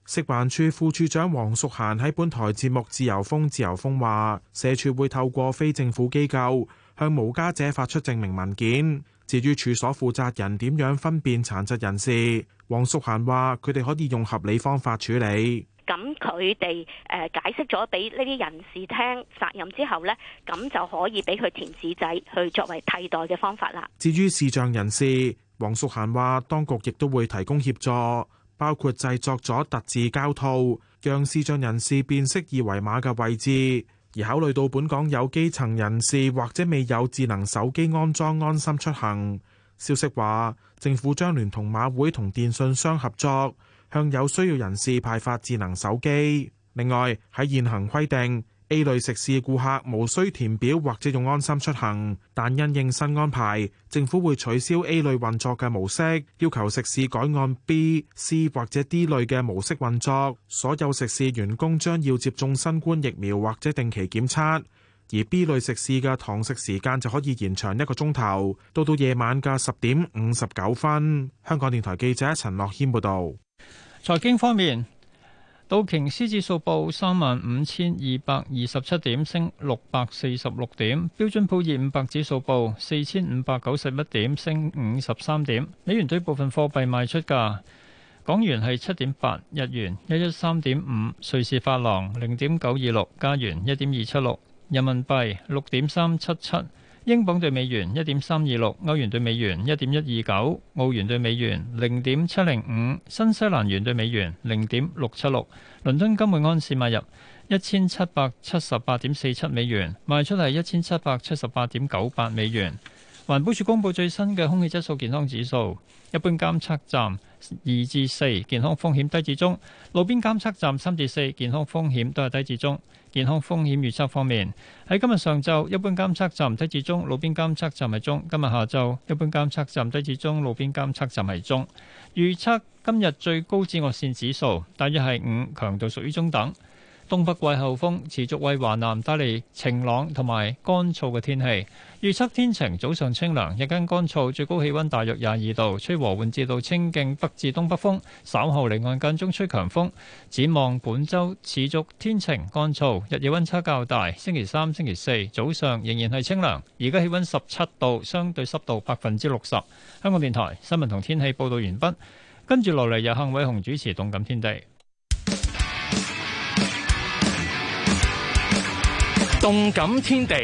食環署副署長黃淑嫻喺本台節目《自由風自由風》話社署會透過非政府機構向無家者發出證明文件。至於處所負責人點樣分辨殘疾人士，黃淑嫻話佢哋可以用合理方法處理。咁佢哋誒解釋咗俾呢啲人士聽責任之後呢，咁就可以俾佢填紙仔去作為替代嘅方法啦。至於視障人士，黃淑嫻話，當局亦都會提供協助，包括製作咗特製膠套，讓視障人士辨識二維碼嘅位置。而考慮到本港有基層人士或者未有智能手機安裝安心出行，消息話政府將聯同馬會同電訊商合作。向有需要人士派發智能手機。另外，喺現行規定，A 類食肆顧客無需填表或者用安心出行，但因應新安排，政府會取消 A 類運作嘅模式，要求食肆改按 B、C 或者 D 類嘅模式運作。所有食肆員工將要接種新冠疫苗或者定期檢測。而 B 類食肆嘅堂食時間就可以延長一個鐘頭，到到夜晚嘅十點五十九分。香港電台記者陳樂謙報道。財經方面，道瓊斯指數報三萬五千二百二十七點，升六百四十六點；標準普爾五百指數報四千五百九十一點，升五十三點。美元對部分貨幣賣出價：港元係七點八，日元一一三點五，瑞士法郎零點九二六，加元一點二七六，人民幣六點三七七。英鎊兌美元一點三二六，歐元兌美元一點一二九，澳元兌美元零點七零五，新西蘭元兌美元零點六七六。倫敦金每安士買入一千七百七十八點四七美元，賣出係一千七百七十八點九八美元。環保署公布最新嘅空氣質素健康指數，一般監測站二至四，健康風險低至中；路邊監測站三至四，健康風險都係低至中。健康風險預測方面，喺今日上晝，一般監測站低至中，路邊監測站係中；今日下晝，一般監測站低至中，路邊監測站係中。預測今日最高紫外線指數大約係五，強度屬於中等。東北季候風持續為華南帶嚟晴朗同埋乾燥嘅天氣。預測天晴，早上清涼，日間乾燥，最高氣溫大約廿二度，吹和緩至到清勁北至東北風。稍後離岸間中吹強風。展望本週持續天晴乾燥，日夜溫差較大。星期三、星期四早上仍然係清涼，而家氣溫十七度，相對濕度百分之六十。香港電台新聞同天氣報道完畢，跟住落嚟由幸偉雄主持《動感天地》。動感天地，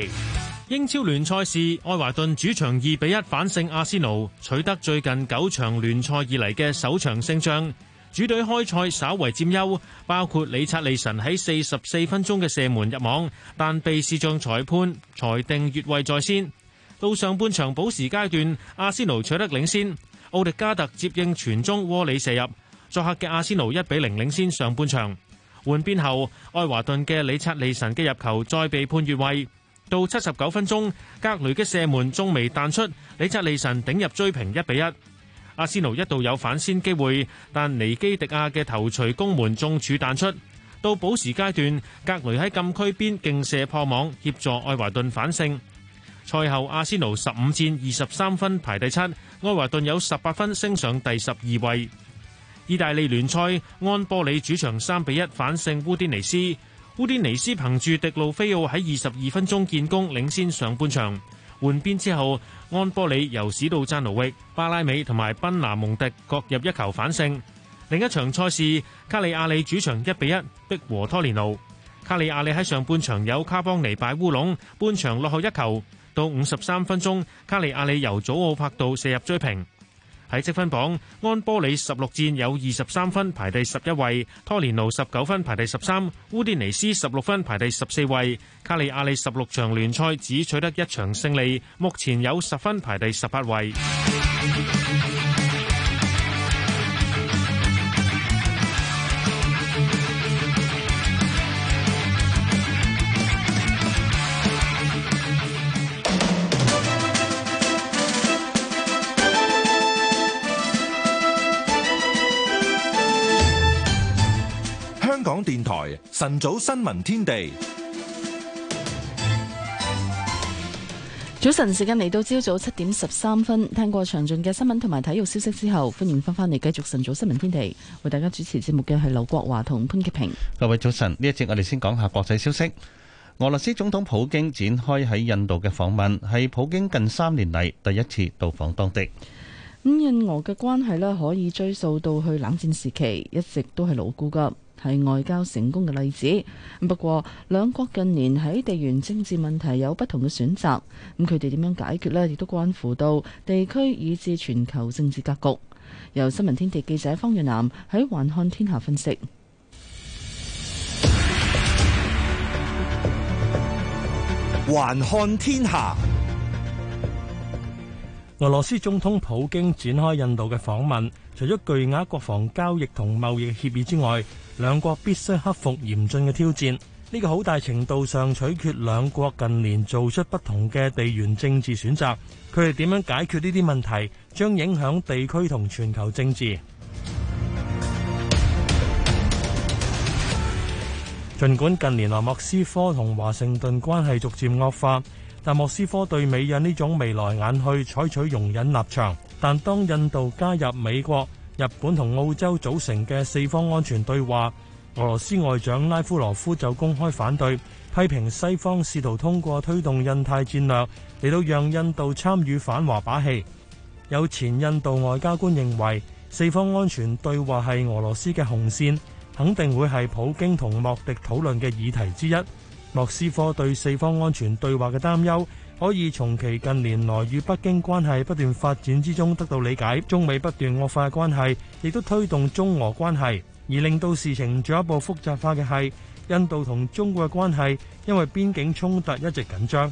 英超聯賽是愛華頓主場二比一反勝阿仙奴，取得最近九場聯賽以嚟嘅首場勝仗。主隊開賽稍為佔優，包括里察利神喺四十四分鐘嘅射門入網，但被視像裁判裁定越位在先。到上半場補時階段，阿仙奴取得領先，奧迪加特接應傳中窩利射入，作客嘅阿仙奴一比零領先上半場。換邊後，愛華頓嘅里察利神嘅入球再被判越位。到七十九分鐘，格雷嘅射門仲未彈出，里察利神頂入追平一比一。阿仙奴一度有反先機會，但尼基迪亞嘅頭錘攻門中柱彈出。到補時階段，格雷喺禁區邊勁射破網，協助愛華頓反勝。賽後，阿仙奴十五戰二十三分排第七，愛華頓有十八分升上第十二位。意大利聯賽，安波里主場三比一反勝烏甸尼斯。烏甸尼斯憑住迪路菲奧喺二十二分鐘建功，領先上半場。換邊之後，安波里由史杜贊奴域、巴拉美同埋賓拿蒙迪各入一球反勝。另一場賽事，卡利亞里主場一比一逼和拖連奴。卡利亞里喺上半場有卡邦尼擺烏龍，半場落後一球。到五十三分鐘，卡利亞里由祖奧柏度射入追平。睇積分榜，安波里十六戰有二十三分，排第十一位；拖連奴十九分，排第十三；烏迪尼斯十六分，排第十四位；卡利亞里十六場聯賽只取得一場勝利，目前有十分，排第十八位。電台晨早新聞天地，早晨時間嚟到朝早七點十三分。聽過詳盡嘅新聞同埋體育消息之後，歡迎翻翻嚟繼續晨早新聞天地。為大家主持節目嘅係劉國華同潘潔平。各位早晨，呢一節我哋先講下國際消息。俄羅斯總統普京展開喺印度嘅訪問，係普京近三年嚟第一次到訪當地。咁印俄嘅關係呢，可以追溯到去冷戰時期，一直都係牢固㗎。係外交成功嘅例子。不過，兩國近年喺地緣政治問題有不同嘅選擇。咁佢哋點樣解決呢？亦都關乎到地區以至全球政治格局。由新聞天地記者方若南喺《環看天下》分析，《環看天下》俄羅斯總統普京展開印度嘅訪問，除咗巨額國防交易同貿易協議之外。兩國必須克服嚴峻嘅挑戰，呢、這個好大程度上取決兩國近年做出不同嘅地緣政治選擇。佢哋點樣解決呢啲問題，將影響地區同全球政治。 儘管近年來莫斯科同華盛頓關係逐漸惡化，但莫斯科對美印呢種未來眼去採取容忍立場。但當印度加入美國。日本同澳洲組成嘅四方安全對話，俄羅斯外長拉夫羅夫就公開反對，批評西方試圖通過推動印太戰略嚟到讓印度參與反華把戲。有前印度外交官認為，四方安全對話係俄羅斯嘅紅線，肯定會係普京同莫迪討論嘅議題之一。莫斯科對四方安全對話嘅擔憂。可以從其近年來與北京關係不斷發展之中得到理解。中美不斷惡化嘅關係，亦都推動中俄關係，而令到事情進一步複雜化嘅係印度同中國嘅關係，因為邊境衝突一直緊張。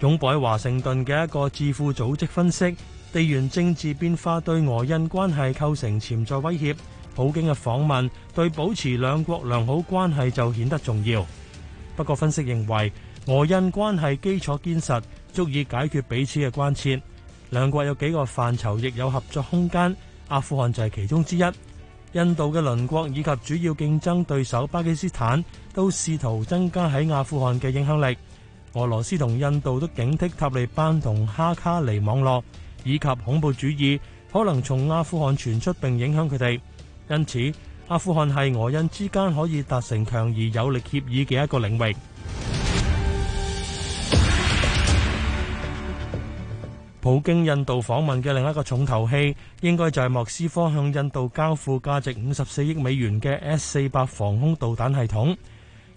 總部喺華盛頓嘅一個智庫組織分析,地緣政治變化對俄印關係構成潛在威脅。普京嘅訪問對保持兩國良好關係就顯得重要。不過，分析認為俄印關係基礎堅實，足以解決彼此嘅關切。兩國有幾個範疇，亦有合作空間。阿富汗就係其中之一。印度嘅鄰國以及主要競爭對手巴基斯坦都試圖增加喺阿富汗嘅影響力。俄羅斯同印度都警惕塔利班同哈卡尼網絡，以及恐怖主義可能從阿富汗傳出並影響佢哋。因此，阿富汗係俄印之間可以達成強而有力協議嘅一個領域。普京印度訪問嘅另一個重頭戲，應該就係莫斯科向印度交付價值五十四億美元嘅 S 四百防空導彈系統。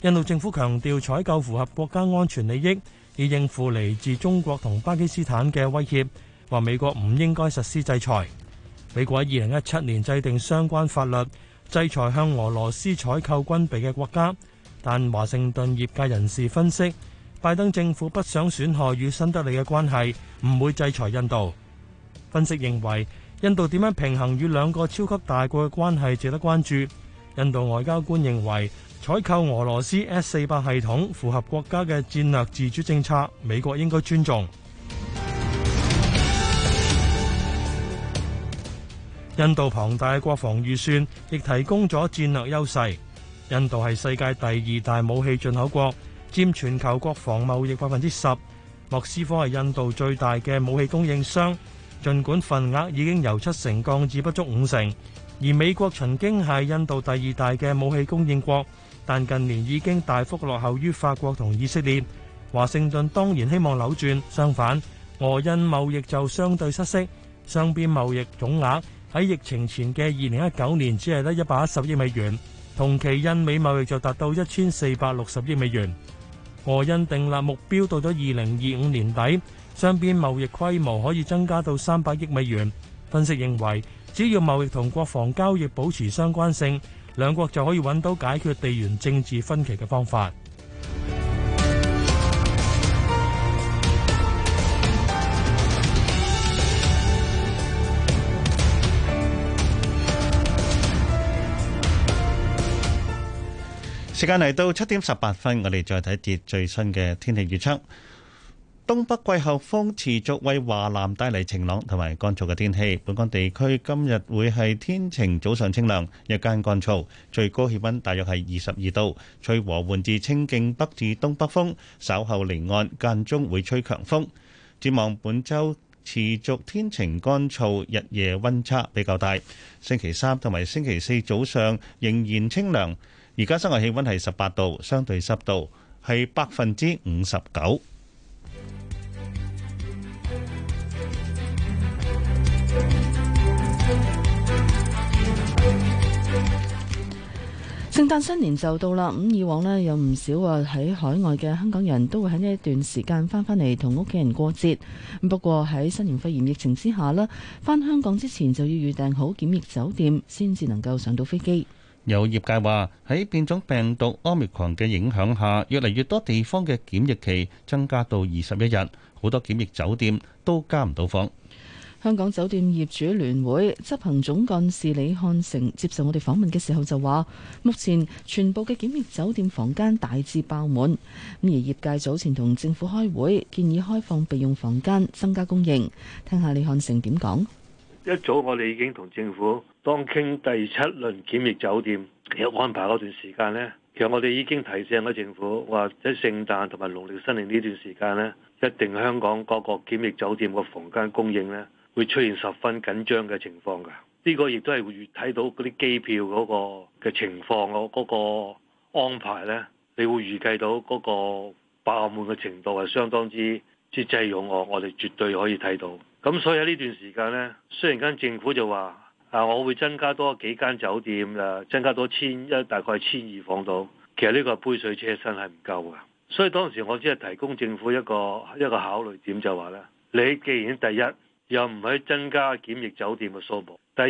印度政府強調採購符合國家安全利益，以應付嚟自中國同巴基斯坦嘅威脅，話美國唔應該實施制裁。美國喺二零一七年制定相關法律，制裁向俄羅斯採購軍備嘅國家，但華盛頓業界人士分析，拜登政府不想損害與新德里嘅關係，唔會制裁印度。分析認為，印度點樣平衡與兩個超級大國嘅關係值得關注。印度外交官認為，採購俄羅斯 S-400 系統符合國家嘅戰略自主政策，美國應該尊重。印度龐大嘅國防預算亦提供咗戰略優勢。印度係世界第二大武器進口國，佔全球國防貿易百分之十。莫斯科係印度最大嘅武器供應商，儘管份額已經由七成降至不足五成。而美國曾經係印度第二大嘅武器供應國，但近年已經大幅落後於法國同以色列。華盛頓當然希望扭轉，相反俄印貿易就相對失色，雙邊貿易總額，喺疫情前嘅二零一九年，只係得一百一十億美元，同期印美貿易就達到一千四百六十億美元。俄印訂立目標，到咗二零二五年底，雙邊貿易規模可以增加到三百億美元。分析認為，只要貿易同國防交易保持相關性，兩國就可以揾到解決地緣政治分歧嘅方法。時間嚟到七點十八分，我哋再睇一節最新嘅天氣預測。東北季候風持續為華南帶嚟晴朗同埋乾燥嘅天氣。本港地區今日會係天晴，早上清涼，日間乾燥，最高氣温大約係二十二度，吹和緩至清勁北至東北風。稍後離岸間中會吹強風。展望本周持續天晴乾燥，日夜温差比較大。星期三同埋星期四早上仍然清涼。而家室外氣温係十八度，相對濕度係百分之五十九。聖誕新年就到啦，咁以往咧有唔少啊喺海外嘅香港人都會喺呢一段時間翻返嚟同屋企人過節。咁不過喺新型肺炎疫情之下咧，翻香港之前就要預訂好檢疫酒店，先至能夠上到飛機。有業界話喺變種病毒 Omicron 嘅影響下，越嚟越多地方嘅檢疫期增加到二十一日，好多檢疫酒店都加唔到房。香港酒店業主聯會執行總幹事李漢成接受我哋訪問嘅時候就話：目前全部嘅檢疫酒店房間大致爆滿。咁而業界早前同政府開會，建議開放備用房間，增加供應。聽下李漢成點講。一早我哋已經同政府。當傾第七輪檢疫酒店有安排嗰段時間呢，其實我哋已經提醒咗政府話，喺聖誕同埋農曆新年呢段時間呢，一定香港各個檢疫酒店個房間供應呢會出現十分緊張嘅情況㗎。呢、這個亦都係會睇到嗰啲機票嗰個嘅情況，嗰、那、嗰個安排呢，你會預計到嗰個爆滿嘅程度係相當之之擠擁惡，我哋絕對可以睇到。咁所以喺呢段時間呢，雖然間政府就話，啊！我會增加多幾間酒店啦，增加多千一，大概千二房到。其實呢個杯水車薪係唔夠噶。所以當時我只係提供政府一個一個考慮點，就話咧：你既然第一又唔可以增加檢疫酒店嘅數目，第二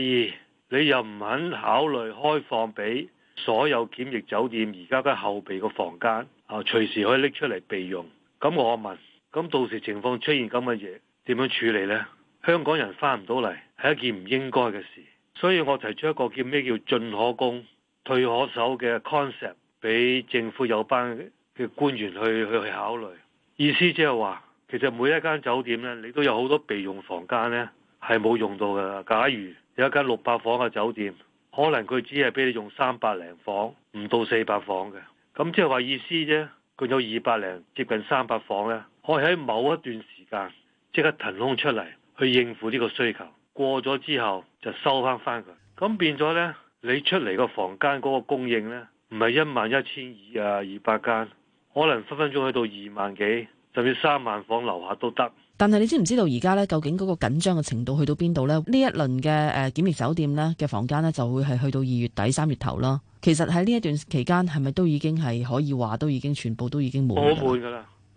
你又唔肯考慮開放俾所有檢疫酒店而家嘅後備嘅房間啊，隨時可以拎出嚟備用。咁我問：咁到時情況出現咁嘅嘢，點樣處理呢？」香港人翻唔到嚟係一件唔應該嘅事，所以我提出一個叫咩叫進可攻、退可守嘅 concept，俾政府有班嘅官員去去去考慮。意思即係話，其實每一間酒店呢，你都有好多備用房間呢，係冇用到㗎。假如有一間六百房嘅酒店，可能佢只係俾你用三百零房，唔到四百房嘅。咁即係話意思啫，佢有二百零接近三百房呢，可以喺某一段時間即刻騰空出嚟。去應付呢個需求，過咗之後就收翻翻佢。咁變咗呢，你出嚟個房間嗰個供應呢，唔係一萬一千二啊，二百間，可能分分鐘去到二萬幾，甚至三萬房樓下都得。但係你知唔知道而家呢，究竟嗰個緊張嘅程度去到邊度呢？呢一輪嘅誒，檢疫酒店呢嘅房間呢，就會係去到二月底三月頭啦。其實喺呢一段期間，係咪都已經係可以話都已經全部都已經滿咗？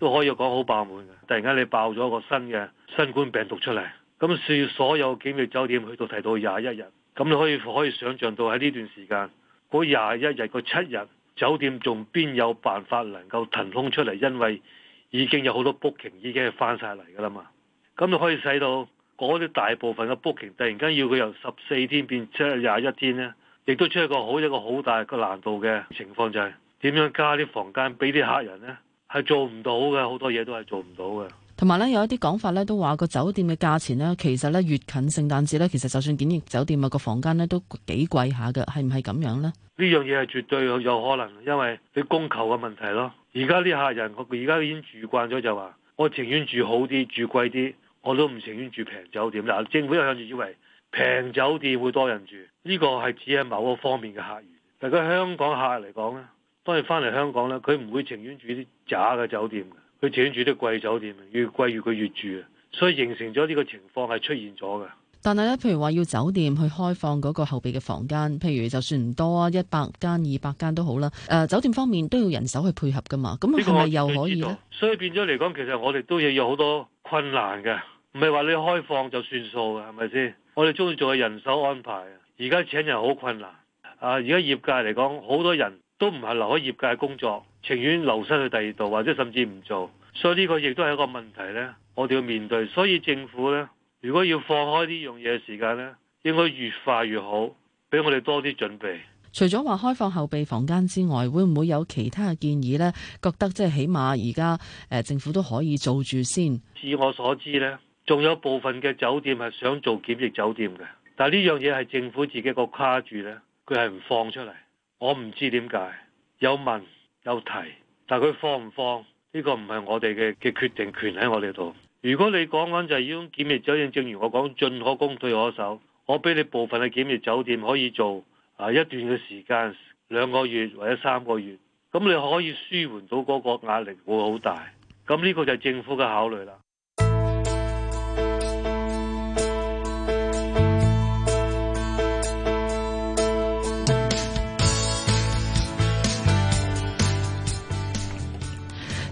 都可以講好爆滿嘅，突然間你爆咗個新嘅新冠病毒出嚟，咁算所有檢疫酒店去到提到廿一日，咁你可以可以想像到喺呢段時間嗰廿一日嗰七日酒店仲邊有辦法能夠騰空出嚟？因為已經有好多 booking 已經係翻曬嚟㗎啦嘛，咁你可以使到嗰啲大部分嘅 booking 突然間要佢由十四天變七廿一天呢，亦都出一個好一個好大個難度嘅情況就係，是，點樣加啲房間俾啲客人呢？係做唔到嘅，好多嘢都係做唔到嘅。同埋咧，有一啲講法咧，都話個酒店嘅價錢咧，其實咧越近聖誕節咧，其實就算檢疫酒店啊，個房間咧都幾貴下嘅，係唔係咁樣呢？呢樣嘢係絕對有可能，因為你供求嘅問題咯。而家啲客人，我而家已經住慣咗，就話我情願住好啲、住貴啲，我都唔情願住平酒店。嗱，政府又向住以為平酒店會多人住，呢個係只係某個方面嘅客源。但佢香港客嚟講咧，因為翻嚟香港咧，佢唔會情願住啲假嘅酒店，佢情願住啲貴酒店，越貴越佢越住，所以形成咗呢個情況係出現咗嘅。但係咧，譬如話要酒店去開放嗰個後備嘅房間，譬如就算唔多啊，一百間、二百間都好啦。誒、呃，酒店方面都要人手去配合㗎嘛。咁係咪又可以咧？所以變咗嚟講，其實我哋都要有好多困難嘅，唔係話你開放就算數嘅，係咪先？我哋中意做嘅人手安排，而家請人好困難啊！而家業界嚟講，好多人。都唔係留喺業界工作，情願流失去第二度，或者甚至唔做，所以呢個亦都係一個問題咧。我哋要面對，所以政府咧，如果要放開呢樣嘢時間咧，應該越快越好，俾我哋多啲準備。除咗話開放後備房間之外，會唔會有其他嘅建議咧？覺得即係起碼而家誒，政府都可以做住先。自我所知咧，仲有部分嘅酒店係想做檢疫酒店嘅，但係呢樣嘢係政府自己個卡住咧，佢係唔放出嚟。我唔知點解有問有提，但係佢放唔放呢個唔係我哋嘅，嘅決定權喺我哋度。如果你講緊就係要檢疫酒店，正如我講，進可攻退可守，我俾你部分嘅檢疫酒店可以做啊一段嘅時間，兩個月或者三個月，咁你可以舒緩到嗰個壓力會好大。咁呢個就係政府嘅考慮啦。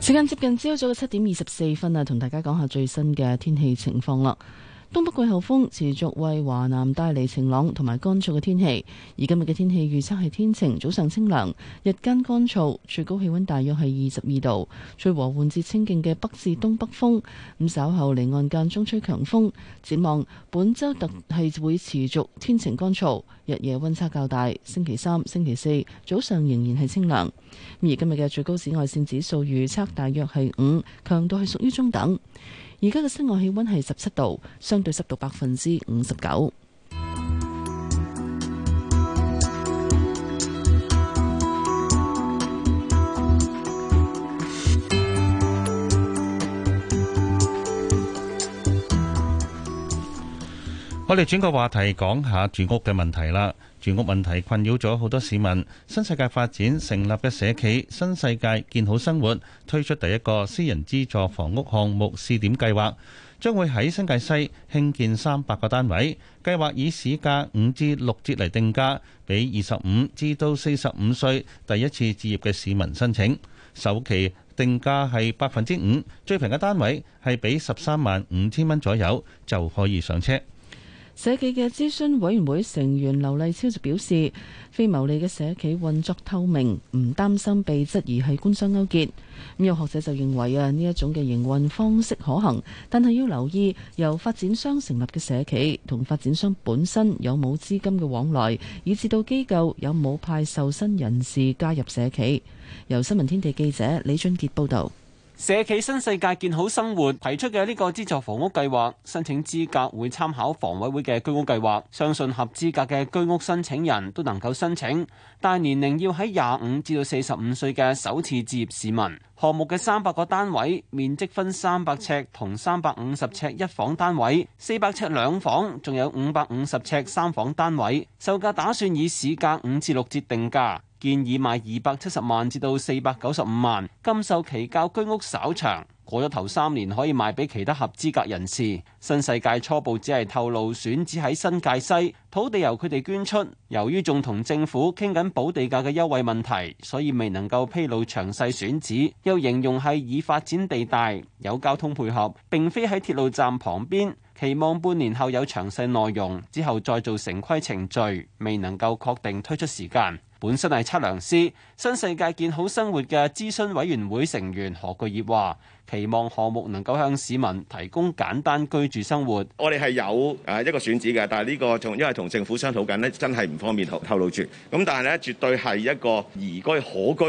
時間接近朝早嘅七點二十四分啊，同大家講下最新嘅天氣情況啦。東北季候風持續為華南帶嚟晴朗同埋乾燥嘅天氣，而今日嘅天氣預測係天晴，早上清涼，日間乾燥，最高氣溫大約係二十二度，吹和緩至清勁嘅北至東北風。咁稍後離岸間中吹強風。展望本周特氣會持續天晴乾燥，日夜溫差較大。星期三、星期四早上仍然係清涼。而今日嘅最高紫外線指數預測大約係五，強度係屬於中等。而家嘅室外氣溫係十七度，相對濕度百分之五十九。我哋轉個話題，講下住屋嘅問題啦。住屋問題困擾咗好多市民。新世界發展成立嘅社企新世界建好生活推出第一個私人資助房屋項目試點計劃，將會喺新界西興建三百個單位，計劃以市價五至六折嚟定價，俾二十五至到四十五歲第一次置業嘅市民申請。首期定價係百分之五，最平嘅單位係俾十三萬五千蚊左右，就可以上車。社企嘅諮詢委員會成員劉麗超就表示，非牟利嘅社企運作透明，唔擔心被質疑係官商勾結。咁有學者就認為啊，呢一種嘅營運方式可行，但係要留意由發展商成立嘅社企同發展商本身有冇資金嘅往來，以至到機構有冇派受薪人士加入社企。由新聞天地記者李俊傑報導。社企新世界建好生活提出嘅呢個資助房屋計劃，申請資格會參考房委會嘅居屋計劃，相信合資格嘅居屋申請人都能夠申請。但年齡要喺廿五至到四十五歲嘅首次置業市民，項目嘅三百個單位面積分三百尺同三百五十尺一房單位，四百尺兩房，仲有五百五十尺三房單位，售價打算以市價五至六折定價。建議賣二百七十萬至到四百九十五萬，禁售期較居屋稍長。過咗頭三年可以賣俾其他合資格人士。新世界初步只係透露選址喺新界西，土地由佢哋捐出。由於仲同政府傾緊補地價嘅優惠問題，所以未能夠披露詳細選址。又形容係已發展地帶，有交通配合，並非喺鐵路站旁邊。期望半年後有詳細內容之後再做城規程序，未能夠確定推出時間。本身係測量師，新世界建好生活嘅諮詢委員會成員何巨業話。期望項目能夠向市民提供簡單居住生活。我哋係有誒一個選址嘅，但係呢個仲因為同政府商討緊咧，真係唔方便透透露住。咁但係呢，絕對係一個宜居可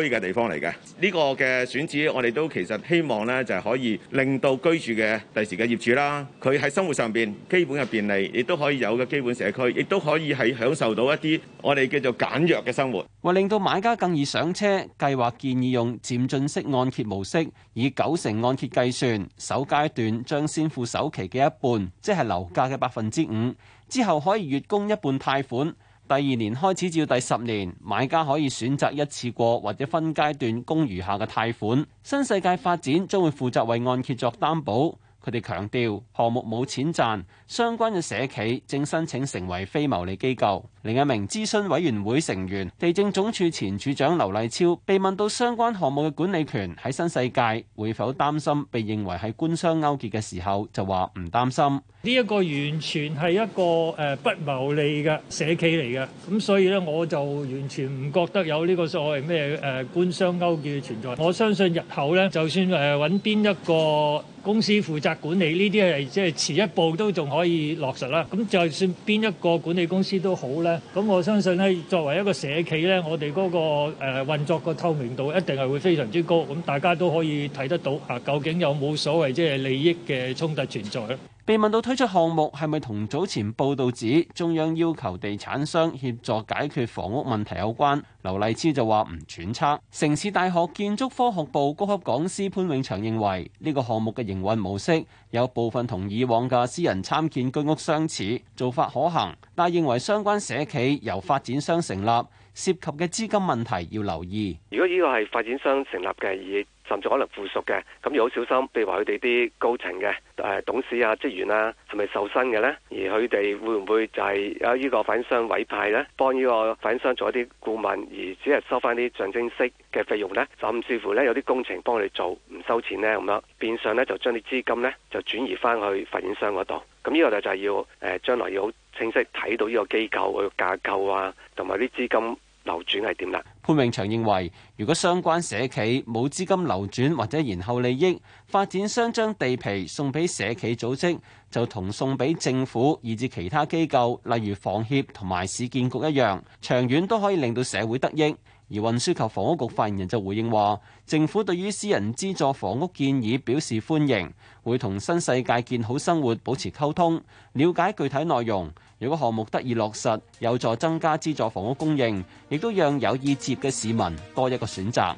居嘅地方嚟嘅。呢個嘅選址，我哋都其實希望呢，就係可以令到居住嘅第時嘅業主啦，佢喺生活上邊基本嘅便利，亦都可以有個基本社區，亦都可以係享受到一啲我哋叫做簡約嘅生活。為令到買家更易上車，計劃建議用漸進式按揭模式，以九成按。按揭計算，首階段將先付首期嘅一半，即係樓價嘅百分之五，之後可以月供一半貸款。第二年開始至到第十年，買家可以選擇一次過或者分階段供餘下嘅貸款。新世界發展將會負責為按揭作擔保。佢哋強調，項目冇錢賺。相關嘅社企正申請成為非牟利機構。另一名諮詢委員會成員、地政總署前署長劉勵超被問到相關項目嘅管理權喺新世界，會否擔心被認為係官商勾結嘅時候，就話唔擔心。呢一個完全係一個誒不牟利嘅社企嚟嘅。咁所以呢，我就完全唔覺得有呢個所謂咩誒官商勾結嘅存在。我相信日後呢，就算誒揾邊一個公司負責管理呢啲係即係遲一步都仲可。可以落實啦，咁就算邊一個管理公司都好咧，咁我相信咧，作為一個社企咧，我哋嗰個誒運作個透明度一定係會非常之高，咁大家都可以睇得到啊，究竟有冇所謂即係利益嘅衝突存在。被問到推出項目係咪同早前報道指中央要求地產商協助解決房屋問題有關，劉麗芝就話唔揣測。城市大學建築科學部高級講師潘永祥認為呢個項目嘅營運模式有部分同以往嘅私人參建居屋相似，做法可行，但認為相關社企由發展商成立，涉及嘅資金問題要留意。如果呢個係發展商成立嘅，以、就是甚至可能附屬嘅，咁要好小心。譬如話佢哋啲高層嘅誒董事啊、職員啊，係咪受薪嘅呢？而佢哋會唔會就係有呢個發展商委派呢，幫呢個發展商做一啲顧問，而只係收翻啲象徵式嘅費用呢？甚至乎呢，有啲工程幫佢哋做，唔收錢呢。咁樣，變相呢，就將啲資金呢，就轉移翻去發展商嗰度。咁呢個就係要誒將來要好清晰睇到呢個機構、佢個架構啊，同埋啲資金。流潘永祥認為，如果相關社企冇資金流轉或者延後利益，發展商將地皮送俾社企組織，就同送俾政府以至其他機構，例如房協同埋市建局一樣，長遠都可以令到社會得益。而運輸及房屋局發言人就回應話：政府對於私人資助房屋建議表示歡迎，會同新世界建好生活保持溝通，了解具體內容。如果項目得以落實，有助增加資助房屋供應，亦都讓有意接嘅市民多一個選擇。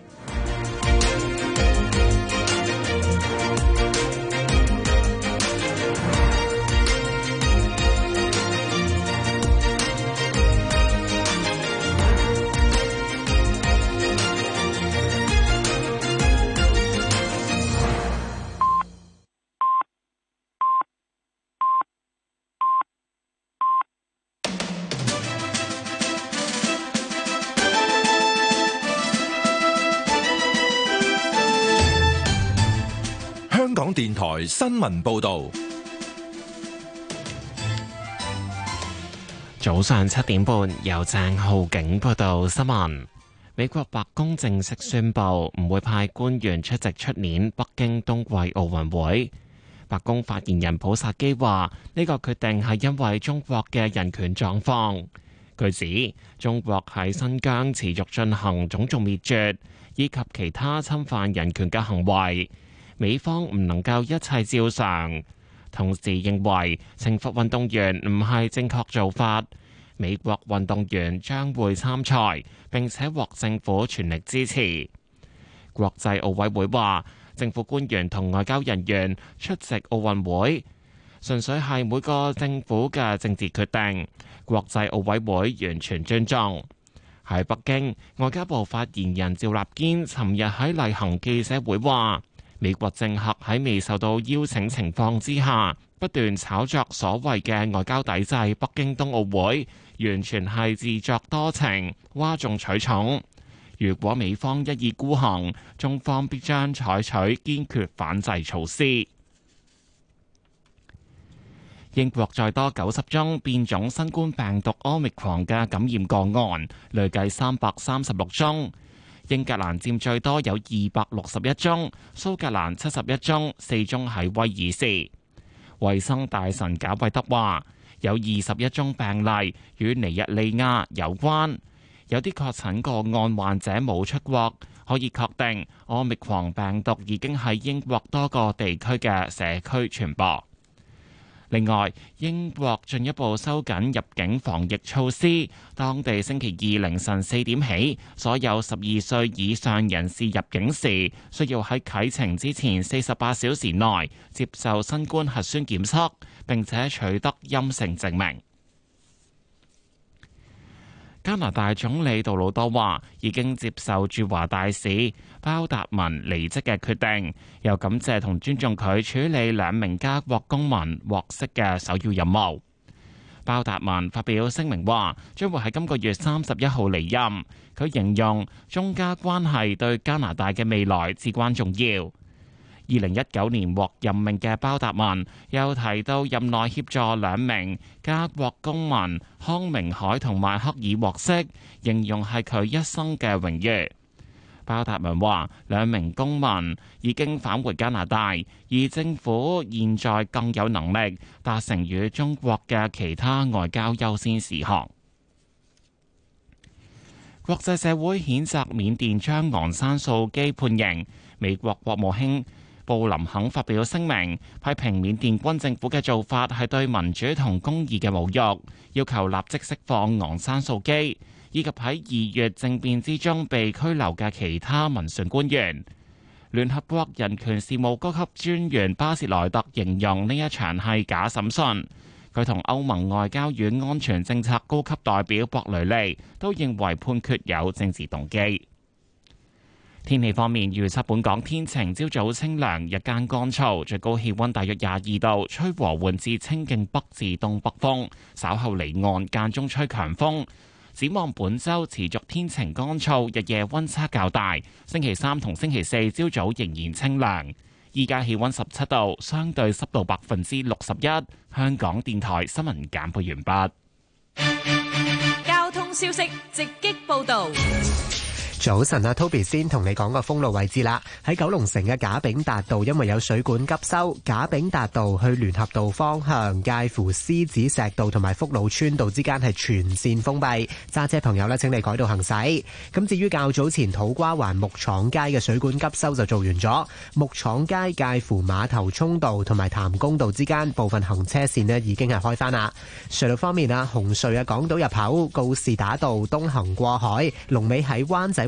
台新聞報道，早上七點半由鄭浩景報道新聞。美國白宮正式宣布唔會派官員出席出年北京冬季奧運會。白宮發言人普薩基話：呢個決定係因為中國嘅人權狀況。據指中國喺新疆持續進行種族滅絕以及其他侵犯人權嘅行為。美方唔能夠一切照常，同時認為懲罰運動員唔係正確做法。美國運動員將會參賽，並且獲政府全力支持。國際奧委會話，政府官員同外交人員出席奧運會，純粹係每個政府嘅政治決定。國際奧委會完全尊重。喺北京，外交部發言人趙立堅尋日喺例行記者會話：美國政客喺未受到邀請情況之下，不斷炒作所謂嘅外交抵制北京冬奧會，完全係自作多情、嘩眾取寵。如果美方一意孤行，中方必將採取堅決反制措施。英國再多九十宗變種新冠病毒奧密克戎嘅感染個案，累計三百三十六宗。英格蘭佔最多，有二百六十一宗，蘇格蘭七十一宗，四宗喺威爾士。衛生大臣賈維德話，有二十一宗病例與尼日利亞有關，有啲確診個案患者冇出國，可以確定 Omicron 病毒已經喺英國多個地區嘅社區傳播。另外，英國進一步收緊入境防疫措施。當地星期二凌晨四點起，所有十二歲以上人士入境時，需要喺啟程之前四十八小時內接受新冠核酸檢測，並且取得陰性證明。加拿大總理杜魯多話已經接受駐華大使包達文離職嘅決定，又感謝同尊重佢處理兩名加國公民獲釋嘅首要任務。包達文發表聲明話，將會喺今個月三十一號離任。佢形容中加關係對加拿大嘅未來至關重要。二零一九年獲任命嘅包達文又提到，任內協助兩名加國公民康明凱同邁克爾獲釋，形容係佢一生嘅榮譽。包達文話：兩名公民已經返回加拿大，而政府現在更有能力達成與中國嘅其他外交優先事項。國際社會譴責緬甸將昂山素姬判刑。美國國務卿布林肯發表聲明，批評緬甸軍政府嘅做法係對民主同公義嘅侮辱，要求立即釋放昂山素基，以及喺二月政變之中被拘留嘅其他民選官員。聯合國人權事務高級專員巴士萊特形容呢一場係假審訊。佢同歐盟外交與安全政策高級代表博雷利都認為判決有政治動機。天氣方面，預測本港天晴，朝早清涼，日間乾燥，最高氣温大約廿二度，吹和緩至清勁北至東北風。稍後離岸間中吹強風。展望本周持續天晴乾燥，日夜温差較大。星期三同星期四朝早仍然清涼。依家氣温十七度，相對濕度百分之六十一。香港電台新聞簡報完畢。交通消息直擊報道。早晨啊，Toby 先同你講個封路位置啦。喺九龍城嘅賈炳達道，因為有水管急修，賈炳達道去聯合道方向介乎獅子石道同埋福佬村道之間係全線封閉，揸車朋友呢，請你改道行駛。咁至於較早前土瓜灣木廠街嘅水管急修就做完咗，木廠街介乎馬頭涌道同埋譚公道之間部分行車線呢已經係開返啦。隧道方面啊，紅隧啊，港島入口告士打道東行過海，龍尾喺灣仔。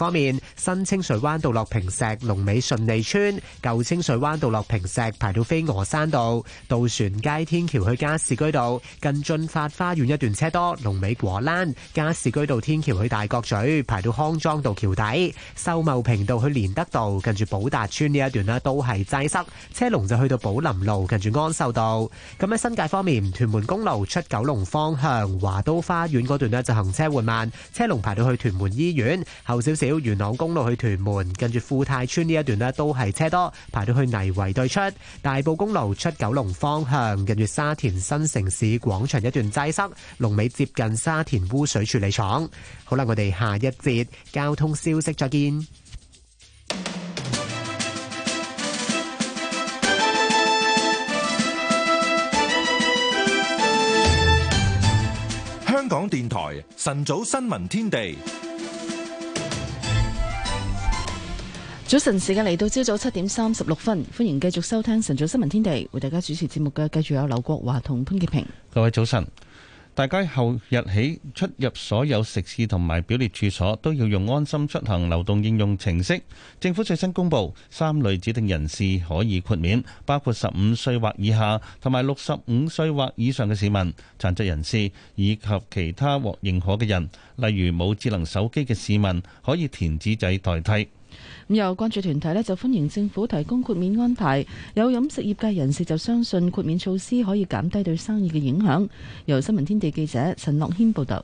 方面，新清水灣道落坪石、龍尾順利村；舊清水灣道落坪石，排到飛鵝山道；渡船街天橋去加士居道，近駿發花園一段車多；龍尾果欄，加士居道天橋去大角咀，排到康莊道橋底；秀茂坪道去連德道，近住寶達邨呢一段咧都係擠塞，車龍就去到寶林路，近住安秀道。咁喺新界方面，屯門公路出九龍方向，華都花園嗰段咧就行車緩慢，車龍排到去屯門醫院。後少少。到元朗公路去屯門，近住富泰村呢一段咧都係車多，排到去泥圍對出。大埔公路出九龍方向，近住沙田新城市廣場一段擠塞，龍尾接近沙田污水處理廠。好啦，我哋下一節交通消息再見。香港電台晨早新聞天地。早晨時間嚟到，朝早七點三十六分，歡迎繼續收聽晨早新聞天地。為大家主持節目嘅，繼續有劉國華同潘潔平。各位早晨，大家後日起出入所有食肆同埋表列處所都要用安心出行流動應用程式。政府最新公布三類指定人士可以豁免，包括十五歲或以下同埋六十五歲或以上嘅市民、殘疾人士以及其他獲認可嘅人，例如冇智能手機嘅市民可以填紙仔代替。有關注團體咧就歡迎政府提供豁免安排，有飲食業界人士就相信豁免措施可以減低對生意嘅影響。由新聞天地記者陳樂軒報導。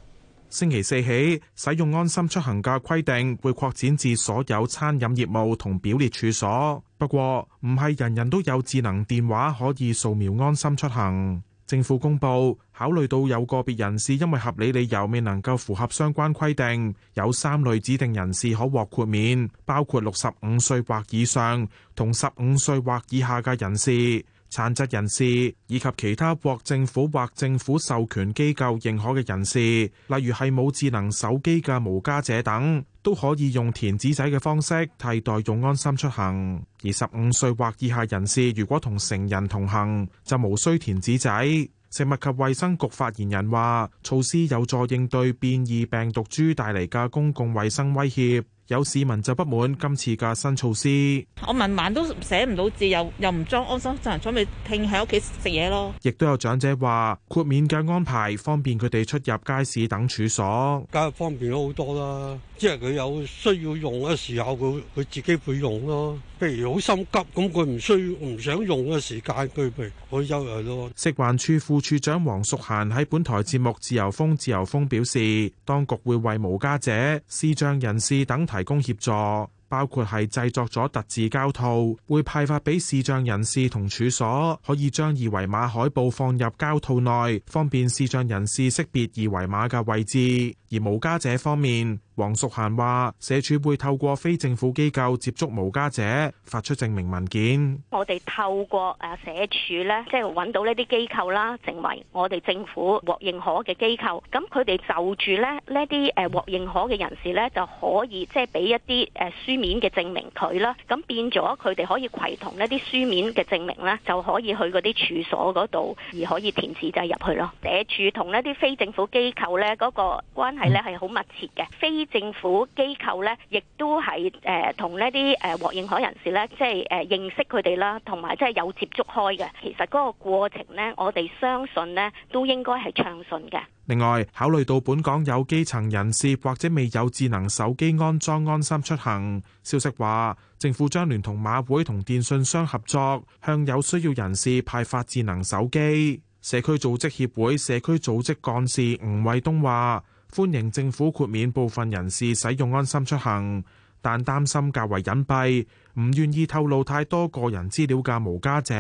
星期四起，使用安心出行嘅規定會擴展至所有餐飲業務同表列處所，不過唔係人人都有智能電話可以掃描安心出行。政府公布，考慮到有個別人士因為合理理由未能夠符合相關規定，有三類指定人士可獲豁免，包括六十五歲或以上同十五歲或以下嘅人士。殘疾人士以及其他獲政府或政府授權機構認可嘅人士，例如係冇智能手機嘅無家者等，都可以用填紙仔嘅方式替代用安心出行。而十五歲或以下人士如果同成人同行，就無需填紙仔。食物及衛生局發言人話，措施有助應對變異病毒株帶嚟嘅公共衛生威脅。有市民就不滿今次嘅新措施。我文盲都寫唔到字，又又唔裝安心出行，準備聽喺屋企食嘢咯。亦都有長者話，豁免嘅安排方便佢哋出入街市等處所，梗係方便咗好多啦。即係佢有需要用嘅時候，佢佢自己會用咯。譬如好心急，咁佢唔需要、唔想用嗰個時間，佢譬如可以休息咯。食環處副，副處長黃淑嫻喺本台節目《自由風》《自由風》表示，當局會為無家者、視障人士等提供協助，包括係製作咗特製膠套，會派發俾視障人士同處所，可以將二維碼海報放入膠套內，方便視障人士識別二維碼嘅位置。而無家者方面，黃淑嫻話：社署會透過非政府機構接觸無家者，發出證明文件。我哋透過誒社署咧，即係搵到呢啲機構啦，成為我哋政府獲認可嘅機構。咁佢哋就住咧呢啲誒獲認可嘅人士咧，就可以即係俾一啲誒書面嘅證明佢啦。咁變咗佢哋可以攜同呢啲書面嘅證明咧，就可以去嗰啲處所嗰度而可以填紙仔入去咯。社署同呢啲非政府機構咧嗰個關係咧係好密切嘅，非。政府機構咧，亦都係誒同呢啲誒獲認可人士咧，即係誒認識佢哋啦，同埋即係有接觸開嘅。其實嗰個過程呢，我哋相信呢，都應該係暢順嘅。另外，考慮到本港有基層人士或者未有智能手機安裝安心出行，消息話政府將聯同馬會同電信商合作，向有需要人士派發智能手機。社區組織協會、社區組織幹事吳衛東話。歡迎政府豁免部分人士使用安心出行，但擔心較為隱蔽，唔願意透露太多個人資料嘅無家者，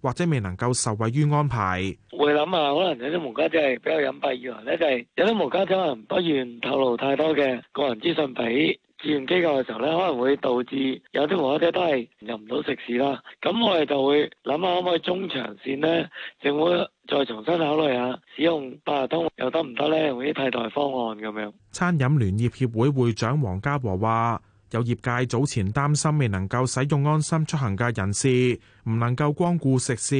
或者未能夠受惠於安排。會諗啊，可能有啲無家者係比較隱蔽，以為呢就係有啲無家者可能不願意透露太多嘅個人資訊俾。慈善機構嘅時候咧，可能會導致有啲貨車都係入唔到食肆啦。咁我哋就會諗下可唔可以中長線呢？政府再重新考慮下，使用八達通又得唔得呢？用啲替代方案咁樣。餐飲聯業協會會長黃家和話，有業界早前擔心未能夠使用安心出行嘅人士唔能夠光顧食肆，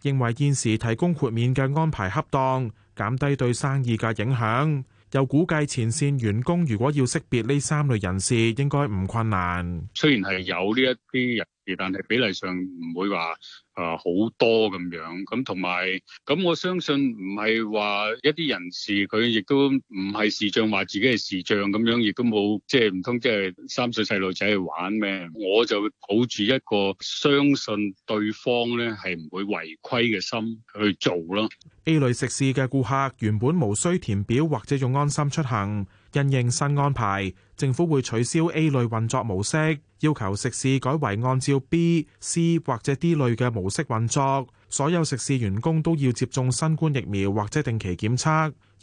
認為現時提供豁免嘅安排恰當，減低對生意嘅影響。又估計前線員工如果要識別呢三類人士，應該唔困難，雖然係有呢一啲人。但係比例上唔會話誒好多咁樣，咁同埋咁我相信唔係話一啲人士佢亦都唔係視像話自己係視像咁樣，亦都冇即係唔通即係三歲細路仔去玩咩？我就抱住一個相信對方咧係唔會違規嘅心去做咯。A 類食肆嘅顧客原本無需填表或者用安心出行。因應新安排，政府會取消 A 類運作模式，要求食肆改為按照 B、C 或者 D 類嘅模式運作，所有食肆員工都要接種新冠疫苗或者定期檢測，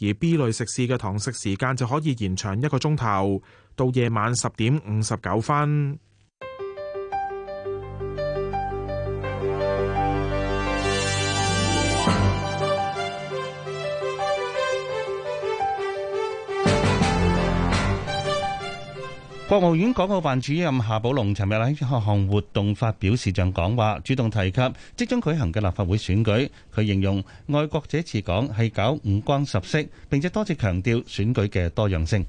而 B 類食肆嘅堂食時間就可以延長一個鐘頭，到夜晚十點五十九分。國務院港澳辦主任夏寶龍尋日喺一項活動發表視像講話，主動提及即將舉行嘅立法會選舉。佢形容愛國者治港係搞五光十色，並且多次強調選舉嘅多樣性。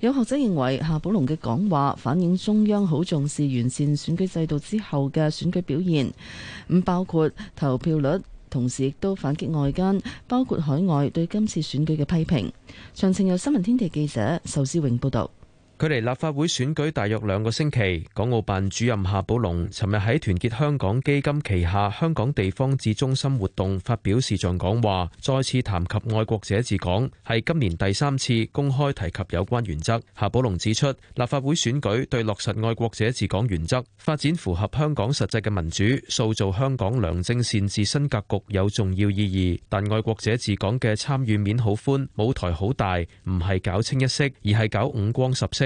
有學者認為夏寶龍嘅講話反映中央好重視完善選舉制度之後嘅選舉表現，咁包括投票率，同時亦都反擊外間包括海外對今次選舉嘅批評。詳情由新聞天地記者仇思永報道。距離立法會選舉大約兩個星期，港澳辦主任夏寶龍尋日喺團結香港基金旗下香港地方志中心活動發表視像講話，再次談及愛國者治港，係今年第三次公開提及有關原則。夏寶龍指出，立法會選舉對落實愛國者治港原則、發展符合香港實際嘅民主、塑造香港良政善治新格局有重要意義。但愛國者治港嘅參與面好寬，舞台好大，唔係搞清一色，而係搞五光十色。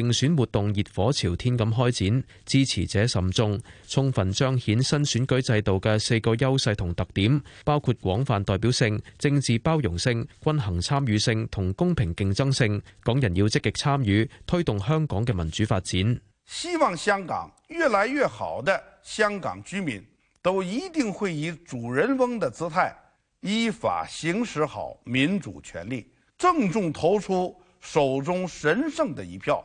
競選活動熱火朝天咁開展，支持者甚眾，充分彰顯新選舉制度嘅四個優勢同特點，包括廣泛代表性、政治包容性、均衡參與性同公平競爭性。港人要積極參與，推動香港嘅民主發展。希望香港越來越好的香港居民，都一定會以主人翁的姿態，依法行使好民主權利，鄭重投出手中神聖的一票。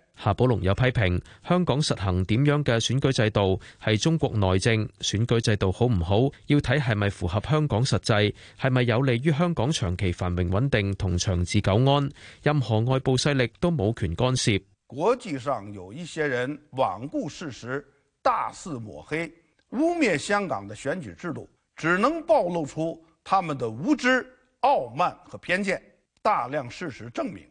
夏寶龍有批評，香港實行點樣嘅選舉制度係中國內政，選舉制度好唔好要睇係咪符合香港實際，係咪有利於香港長期繁榮穩定同長治久安，任何外部勢力都冇權干涉。國際上有一些人罔顧事實，大肆抹黑、污衊香港嘅選舉制度，只能暴露出他們的無知、傲慢和偏見。大量事實證明。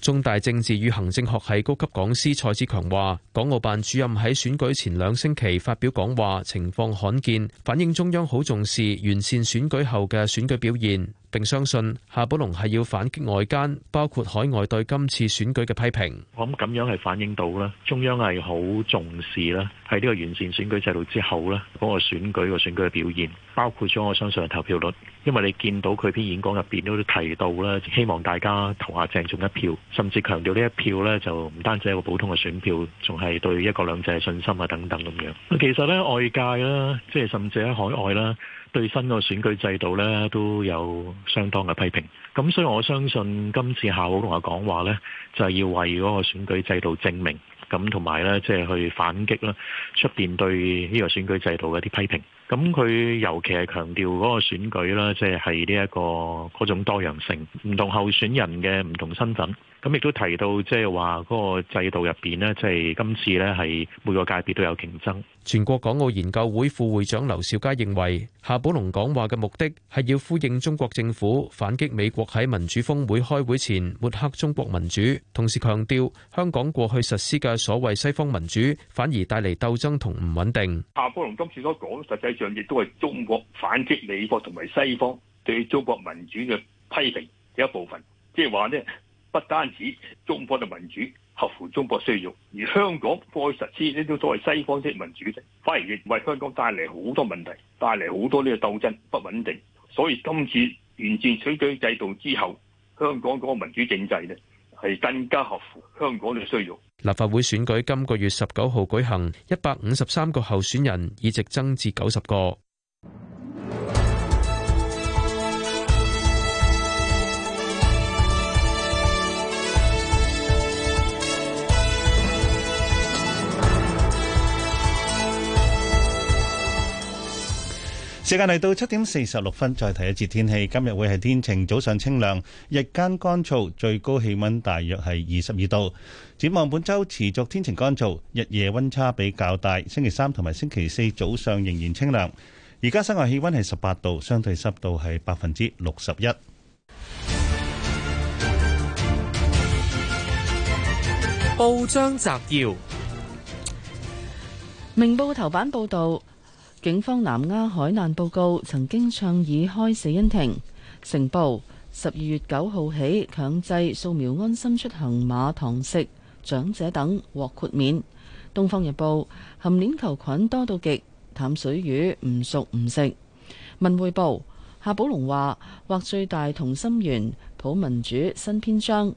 中大政治與行政學系高級講師蔡志強話，港澳辦主任喺選舉前兩星期發表講話，情況罕見，反映中央好重視完善選舉後嘅選舉表現。並相信夏寶龍係要反擊外間，包括海外對今次選舉嘅批評。我諗咁樣係反映到咧，中央係好重視啦，喺呢個完善選舉制度之後咧，嗰個選舉、個選舉嘅表現，包括咗我相信嘅投票率。因為你見到佢篇演講入邊都提到啦，希望大家投下鄭重一票，甚至強調呢一票咧就唔單止一個普通嘅選票，仲係對一國兩制信心啊等等咁樣。其實咧，外界啦，即係甚至喺海外啦。對新個選舉制度咧都有相當嘅批評，咁所以我相信今次夏寶龍嘅講話咧，就係、是、要為嗰個選舉制度證明，咁同埋咧即係去反擊啦出面對呢個選舉制度嘅一啲批評。咁佢尤其係強調嗰個選舉啦，即係係呢一個嗰種多樣性，唔同候選人嘅唔同身份。咁亦都提到，即係話嗰個制度入邊咧，即係今次咧係每個界別都有競爭。全國港澳研究會副會長劉兆佳認為，夏寶龍講話嘅目的係要呼應中國政府反擊美國喺民主峰會開會前抹黑中國民主，同時強調香港過去實施嘅所謂西方民主，反而帶嚟鬥爭同唔穩定。夏寶龍今次所講，實際上亦都係中國反擊美國同埋西方對中國民主嘅批評嘅一部分，即係話咧。不單止中國嘅民主合乎中國需要，而香港再實施呢種所謂西方式民主，反而亦為香港帶嚟好多問題，帶嚟好多呢個鬥爭不穩定。所以今次完善選舉制度之後，香港嗰個民主政制呢係更加合乎香港嘅需要。立法會選舉今個月十九號舉行，一百五十三個候選人議席增至九十個。時間嚟到七點四十六分，再提一次天氣。今日會係天晴，早上清涼，日間乾燥，最高氣溫大約係二十二度。展望本周持續天晴乾燥，日夜溫差比較大。星期三同埋星期四早上仍然清涼。而家室外氣溫係十八度，相對濕度係百分之六十一。報章摘要：明報頭版報道。警方南丫海難報告，曾經倡議開死因庭。成報，十二月九號起強制掃描安心出行碼堂食，長者等獲豁免。東方日報，含鏈球菌多到極，淡水魚唔熟唔食。文匯報，夏寶龍話：劃最大同心圓，普民主新篇章。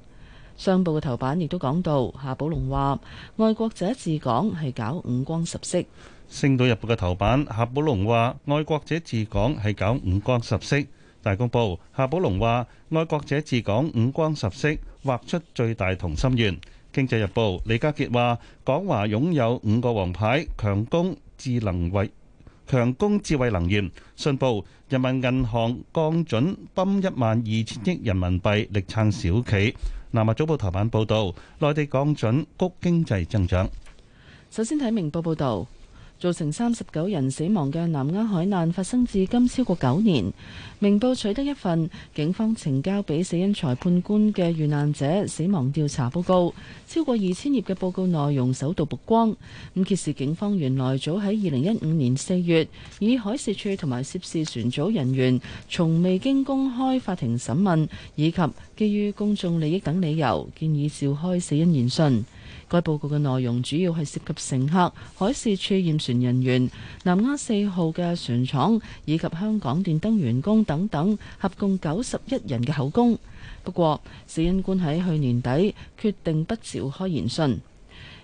商報嘅頭版亦都講到夏寶龍話：愛國者治港係搞五光十色。星島日報嘅頭版，夏寶龍話：愛國者治港係搞五光十色。大公報，夏寶龍話：愛國者治港五光十色，畫出最大同心圓。經濟日報，李家傑話：港華擁有五個王牌，強攻智能偉強攻智慧能源。信報，人民銀行降準泵一萬二千億人民幣，力撐小企。南華早報頭版報道，內地降準谷經濟增長。首先睇明報報道。造成三十九人死亡嘅南丫海難發生至今超過九年，明報取得一份警方呈交俾死因裁判官嘅遇難者死亡調查報告，超過二千頁嘅報告內容首度曝光。咁、嗯、揭示警方原來早喺二零一五年四月，以海事處同埋涉事船組人員從未經公開法庭審問以及基於公眾利益等理由，建議召開死因研訊。該報告嘅內容主要係涉及乘客、海事處驗船人員、南丫四號嘅船廠以及香港電燈員工等等，合共九十一人嘅口供。不過，死因官喺去年底決定不召開言訊，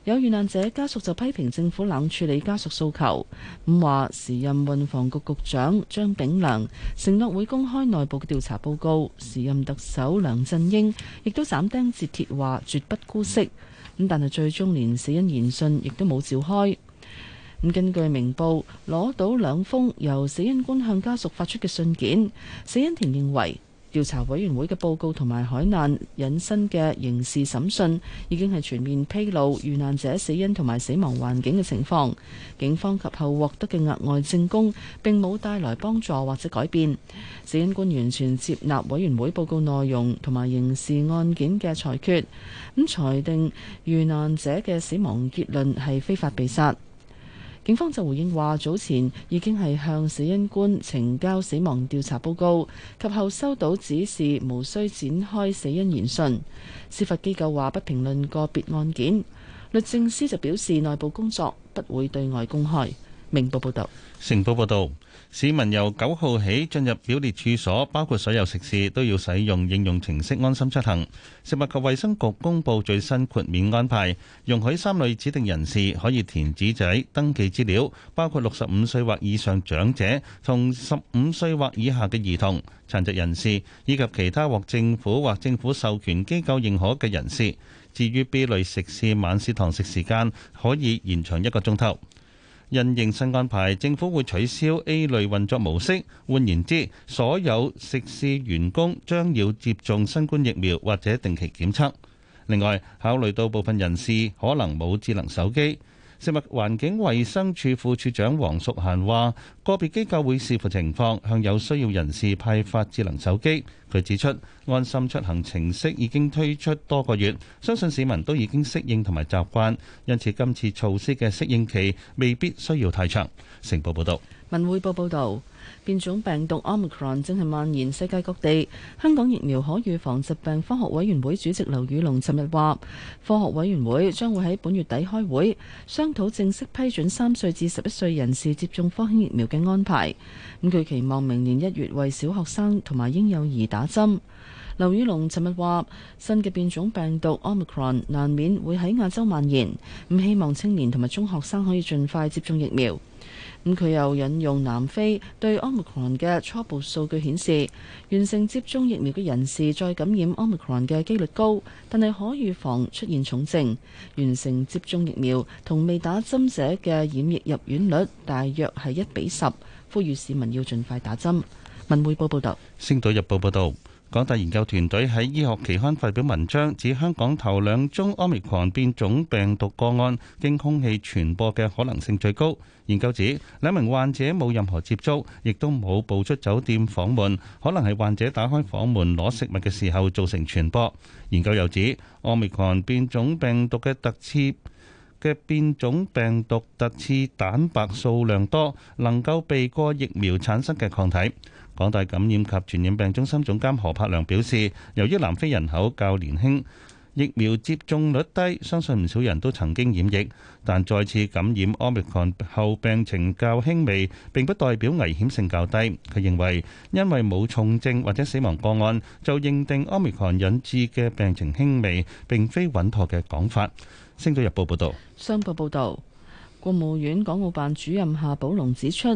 有遇難者家屬就批評政府冷處理家屬訴求，咁話時任運防局局長張炳良承諾會公開內部調查報告，時任特首梁振英亦都斬釘截鐵話絕不姑息。但係最終連死因言訊亦都冇召開。根據明報，攞到兩封由死因官向家屬發出嘅信件，死因庭認為。調查委員會嘅報告同埋海難引申嘅刑事審訊，已經係全面披露遇難者死因同埋死亡環境嘅情況。警方及後獲得嘅額外證供，並冇帶來幫助或者改變。死因官完全接納委員會報告內容同埋刑事案件嘅裁決，咁裁定遇難者嘅死亡結論係非法被殺。警方就回應話：早前已經係向死因官呈交死亡調查報告，及後收到指示，無需展開死因研訊。司法機構話不評論個別案件。律政司就表示內部工作不會對外公開。明報報道，成報報道，市民由九號起進入表列處所，包括所有食肆，都要使用應用程式安心出行。食物及衛生局公布最新豁免安排，容許三類指定人士可以填紙仔登記資料，包括六十五歲或以上長者、同十五歲或以下嘅兒童、殘疾人士以及其他獲政府或政府授權機構認可嘅人士。至於 B 類食肆，晚市堂食時間可以延長一個鐘頭。人形新安排，政府會取消 A 類運作模式，換言之，所有食肆員工將要接種新冠疫苗或者定期檢測。另外，考慮到部分人士可能冇智能手機。食物環境衞生署副署長黃淑嫻話：個別機構會視乎情況，向有需要人士派發智能手機。佢指出，安心出行程式已經推出多個月，相信市民都已經適應同埋習慣，因此今次措施嘅適應期未必需要太長。成報報道。文匯報報導。變種病毒 Omicron 正係蔓延世界各地。香港疫苗可預防疾病科學委員會主席劉宇龍尋日話，科學委員會將會喺本月底開會商討正式批准三歲至十一歲人士接種科興疫苗嘅安排。咁佢期望明年一月為小學生同埋嬰幼兒打針。劉宇龍尋日話，新嘅變種病毒 Omicron 難免會喺亞洲蔓延，咁希望青年同埋中學生可以盡快接種疫苗。咁佢又引用南非對 Omicron 嘅初步數據顯示，完成接種疫苗嘅人士再感染 Omicron 嘅機率高，但係可預防出現重症。完成接種疫苗同未打針者嘅染疫入院率大約係一比十，呼籲市民要盡快打針。文匯報報道。星島日報報道。港大研究團隊喺醫學期刊發表文章，指香港頭兩宗奧密克戎變種病毒個案經空氣傳播嘅可能性最高。研究指兩名患者冇任何接觸，亦都冇步出酒店房門，可能係患者打開房門攞食物嘅時候造成傳播。研究又指奧密克戎變種病毒嘅特刺嘅變種病毒特刺蛋白數量多，能夠避過疫苗產生嘅抗體。港大感染及傳染病中心總監何柏良表示，由於南非人口較年輕，疫苗接種率低，相信唔少人都曾經染疫，但再次感染 Omicron 後病情較輕微，並不代表危險性較低。佢認為，因為冇重症或者死亡個案，就認定 Omicron 引致嘅病情輕微，並非穩妥嘅講法。星島日報報導，商報報導。國務院港澳辦主任夏寶龍指出：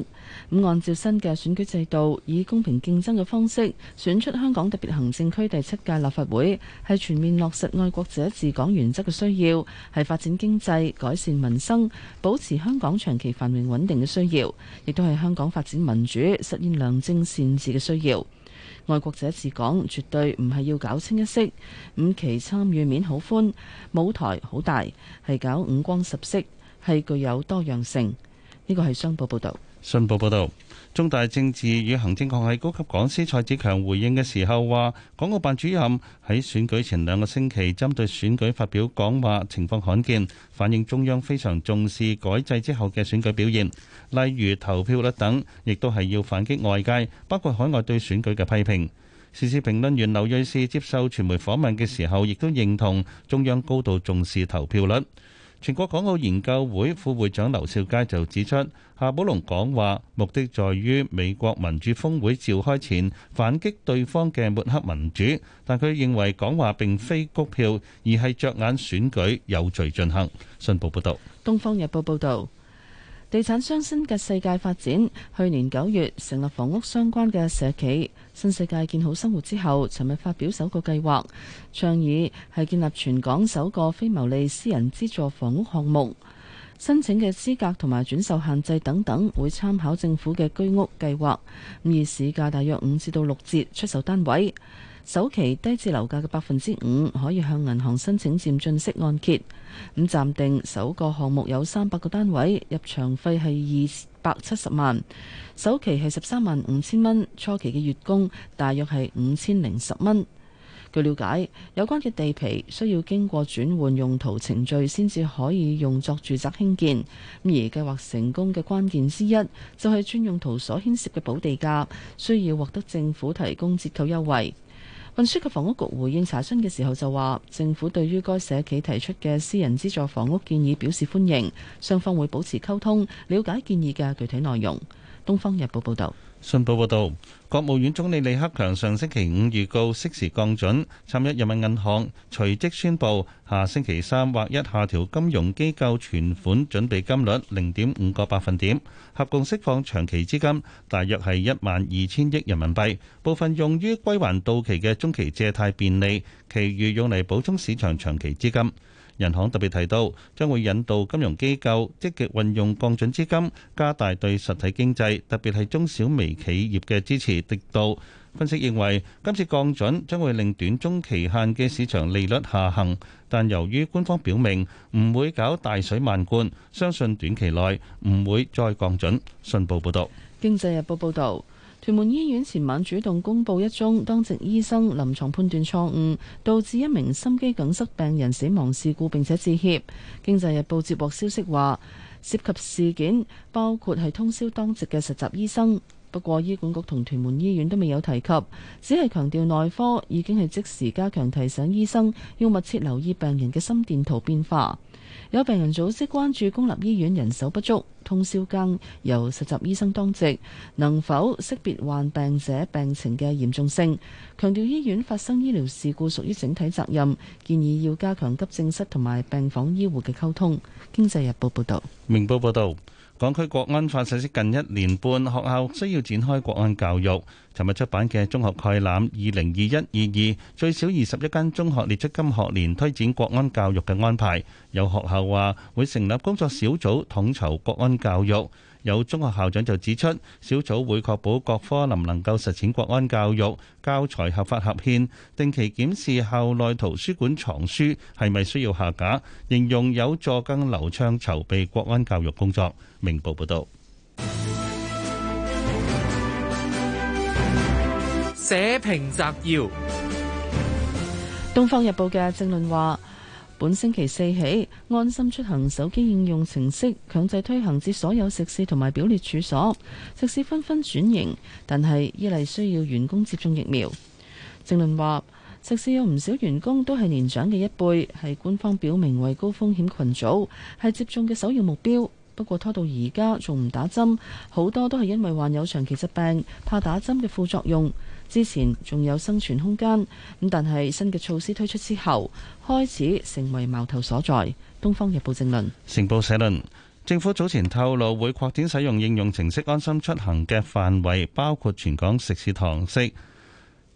咁按照新嘅選舉制度，以公平競爭嘅方式選出香港特別行政區第七屆立法會，係全面落實愛國者治港原則嘅需要，係發展經濟、改善民生、保持香港長期繁榮穩定嘅需要，亦都係香港發展民主、實現良政善治嘅需要。愛國者治港絕對唔係要搞清一色，五期參與面好寬，舞台好大，係搞五光十色。係具有多樣性，呢個係商報報道。信報報道，中大政治與行政學系高級講師蔡子強回應嘅時候話，港澳辦主任喺選舉前兩個星期針對選舉發表講話，情況罕見，反映中央非常重視改制之後嘅選舉表現，例如投票率等，亦都係要反擊外界，包括海外對選舉嘅批評。時事評論員劉銳紹接受傳媒訪問嘅時候，亦都認同中央高度重視投票率。全國港澳研究會副會長劉兆佳就指出，夏寶龍講話目的在於美國民主峰會召開前反擊對方嘅抹黑民主，但佢認為講話並非谷票，而係着眼選舉有序進行。信報報導，東方日報報導，地產商新嘅世界發展去年九月成立房屋相關嘅社企。新世界建好生活之後，尋日發表首個計劃倡議，係建立全港首個非牟利私人資助房屋項目。申請嘅資格同埋轉售限制等等會參考政府嘅居屋計劃，咁以市價大約五至到六折出售單位，首期低至樓價嘅百分之五，可以向銀行申請漸進息按揭。咁暫定首個項目有三百個單位，入場費係二。百七十萬，170, 000，首期係十三萬五千蚊，初期嘅月供大約係五千零十蚊。據了解，有關嘅地皮需要經過轉換用途程序先至可以用作住宅興建。而計劃成功嘅關鍵之一，就係專用途所牽涉嘅補地價需要獲得政府提供折扣優惠。運輸及房屋局回應查詢嘅時候就話，政府對於該社企提出嘅私人資助房屋建議表示歡迎，雙方會保持溝通，了解建議嘅具體內容。東方日報報道。信報報道，國務院總理李克強上星期五預告適時降準，參與人民銀行隨即宣布下星期三或一下調金融機構存款準備金率零點五個百分點，合共釋放長期資金大約係一萬二千億人民幣，部分用於歸還到期嘅中期借貸便利，其餘用嚟補充市場長期資金。人行特別提到，將會引導金融機構積極運用降準資金，加大對實體經濟，特別係中小微企業嘅支持力度。分析認為，今次降準將會令短中期限嘅市場利率下行，但由於官方表明唔會搞大水漫灌，相信短期內唔會再降準。信報報道。《經濟日報》報導。屯門醫院前晚主動公布一宗當值醫生臨床判斷錯誤，導致一名心肌梗塞病人死亡事故，並且致歉。經濟日報接獲消息話，涉及事件包括係通宵當值嘅實習醫生。不過醫管局同屯門醫院都未有提及，只係強調內科已經係即時加強提醒醫生要密切留意病人嘅心電圖變化。有病人組織關注公立醫院人手不足、通宵更由實習醫生當值，能否識別患病者病情嘅嚴重性？強調醫院發生醫療事故屬於整體責任，建議要加強急症室同埋病房醫護嘅溝通。經濟日報報道。明報報導。港區國安法實施近一年半，學校需要展開國安教育。尋日出版嘅《中學概覽》二零二一二二，最少二十一間中學列出今學年推展國安教育嘅安排，有學校話會成立工作小組統籌國安教育。有中學校長就指出，小組會確保各科能唔能夠實踐國安教育，教材合法合憲，定期檢視校內圖書館藏書係咪需要下架，形容有助更流暢籌備國安教育工作。明報報道，社評摘要，東方日報嘅正論話。本星期四起，安心出行手機應用程式強制推行至所有食肆，同埋表列處所。食肆紛紛轉型，但係依例需要員工接種疫苗。正論話，食肆有唔少員工都係年長嘅一輩，係官方表明為高風險群組，係接種嘅首要目標，不過拖到而家仲唔打針，好多都係因為患有長期疾病，怕打針嘅副作用。之前仲有生存空間，咁，但係新嘅措施推出之後，開始成為矛頭所在。《東方日報》政論，成報社論，政府早前透露會擴展使用應用程式安心出行嘅範圍，包括全港食肆堂食。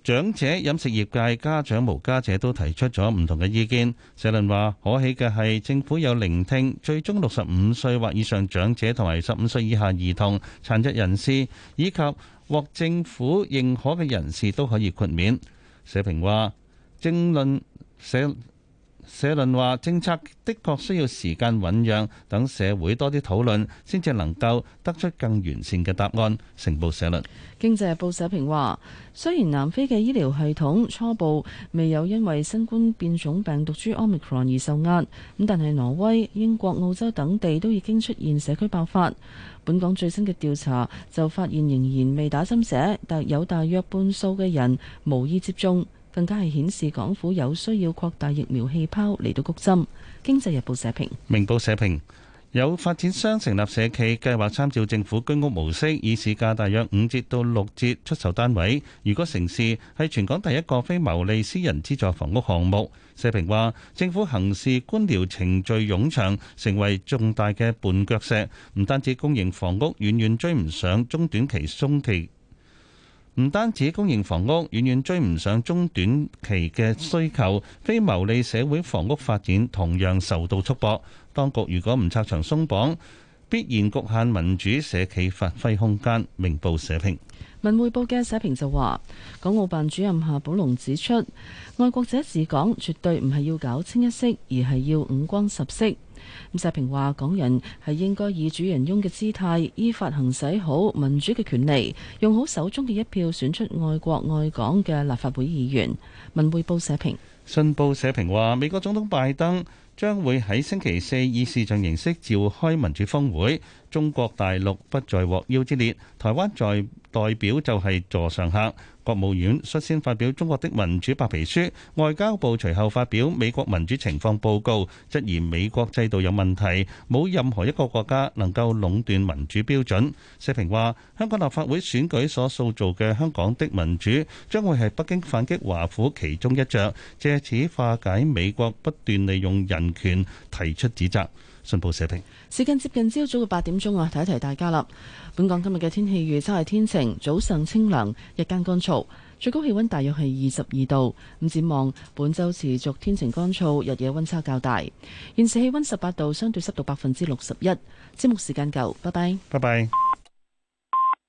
長者、飲食業界、家長、無家者都提出咗唔同嘅意見。社論話：可喜嘅係，政府有聆聽，最終六十五歲或以上長者、同埋十五歲以下兒童、殘疾人士以及獲政府認可嘅人士都可以豁免。社評話：政論社。社論話，政策的確需要時間醞釀，等社會多啲討論，先至能夠得出更完善嘅答案。成報社論，經濟日報社評話，雖然南非嘅醫療系統初步未有因為新冠變種病毒株 Omicron 而受壓，咁但係挪威、英國、澳洲等地都已經出現社區爆發。本港最新嘅調查就發現，仍然未打針者，但有大約半數嘅人無意接種。更加係顯示港府有需要擴大疫苗氣泡嚟到谷針。經濟日報社評。明報社評，有發展商成立社企，計劃參照政府居屋模式，以市價大約五折到六折出售單位。如果成事係全港第一個非牟利私人資助房屋項目。社評話，政府行事官僚程序冗長，成為重大嘅絆腳石。唔單止公營房屋遠遠追唔上中短期鬆期。唔單止公營房屋遠遠追唔上中短期嘅需求，非牟利社會房屋發展同樣受到束縛。當局如果唔拆牆鬆綁，必然局限民主社企發揮空間。明報社評，文匯報嘅社評就話，港澳辦主任夏寶龍指出，愛國者治港絕對唔係要搞清一色，而係要五光十色。咁社評話，港人係應該以主人翁嘅姿態，依法行使好民主嘅權利，用好手中嘅一票，選出愛國愛港嘅立法會議員。文匯報社評，信報社評話，美國總統拜登將會喺星期四以視像形式召開民主峰會，中國大陸不在獲邀之列，台灣在代表就係座上客。國務院率先發表中國的民主白皮書，外交部隨後發表美國民主情況報告，質疑美國制度有問題，冇任何一個國家能夠壟斷民主標準。社評話：香港立法會選舉所塑造嘅香港的民主，將會係北京反擊華府其中一著，藉此化解美國不斷利用人權提出指責。信報社評時間接近朝早嘅八點鐘啊，提一提大家啦。本港今日嘅天氣預測係天晴，早上清涼，日間乾燥，最高氣温大約係二十二度。咁展望本週持續天晴乾燥，日夜温差較大。現時氣温十八度，相對濕度百分之六十一。節目時間夠，拜拜。拜拜。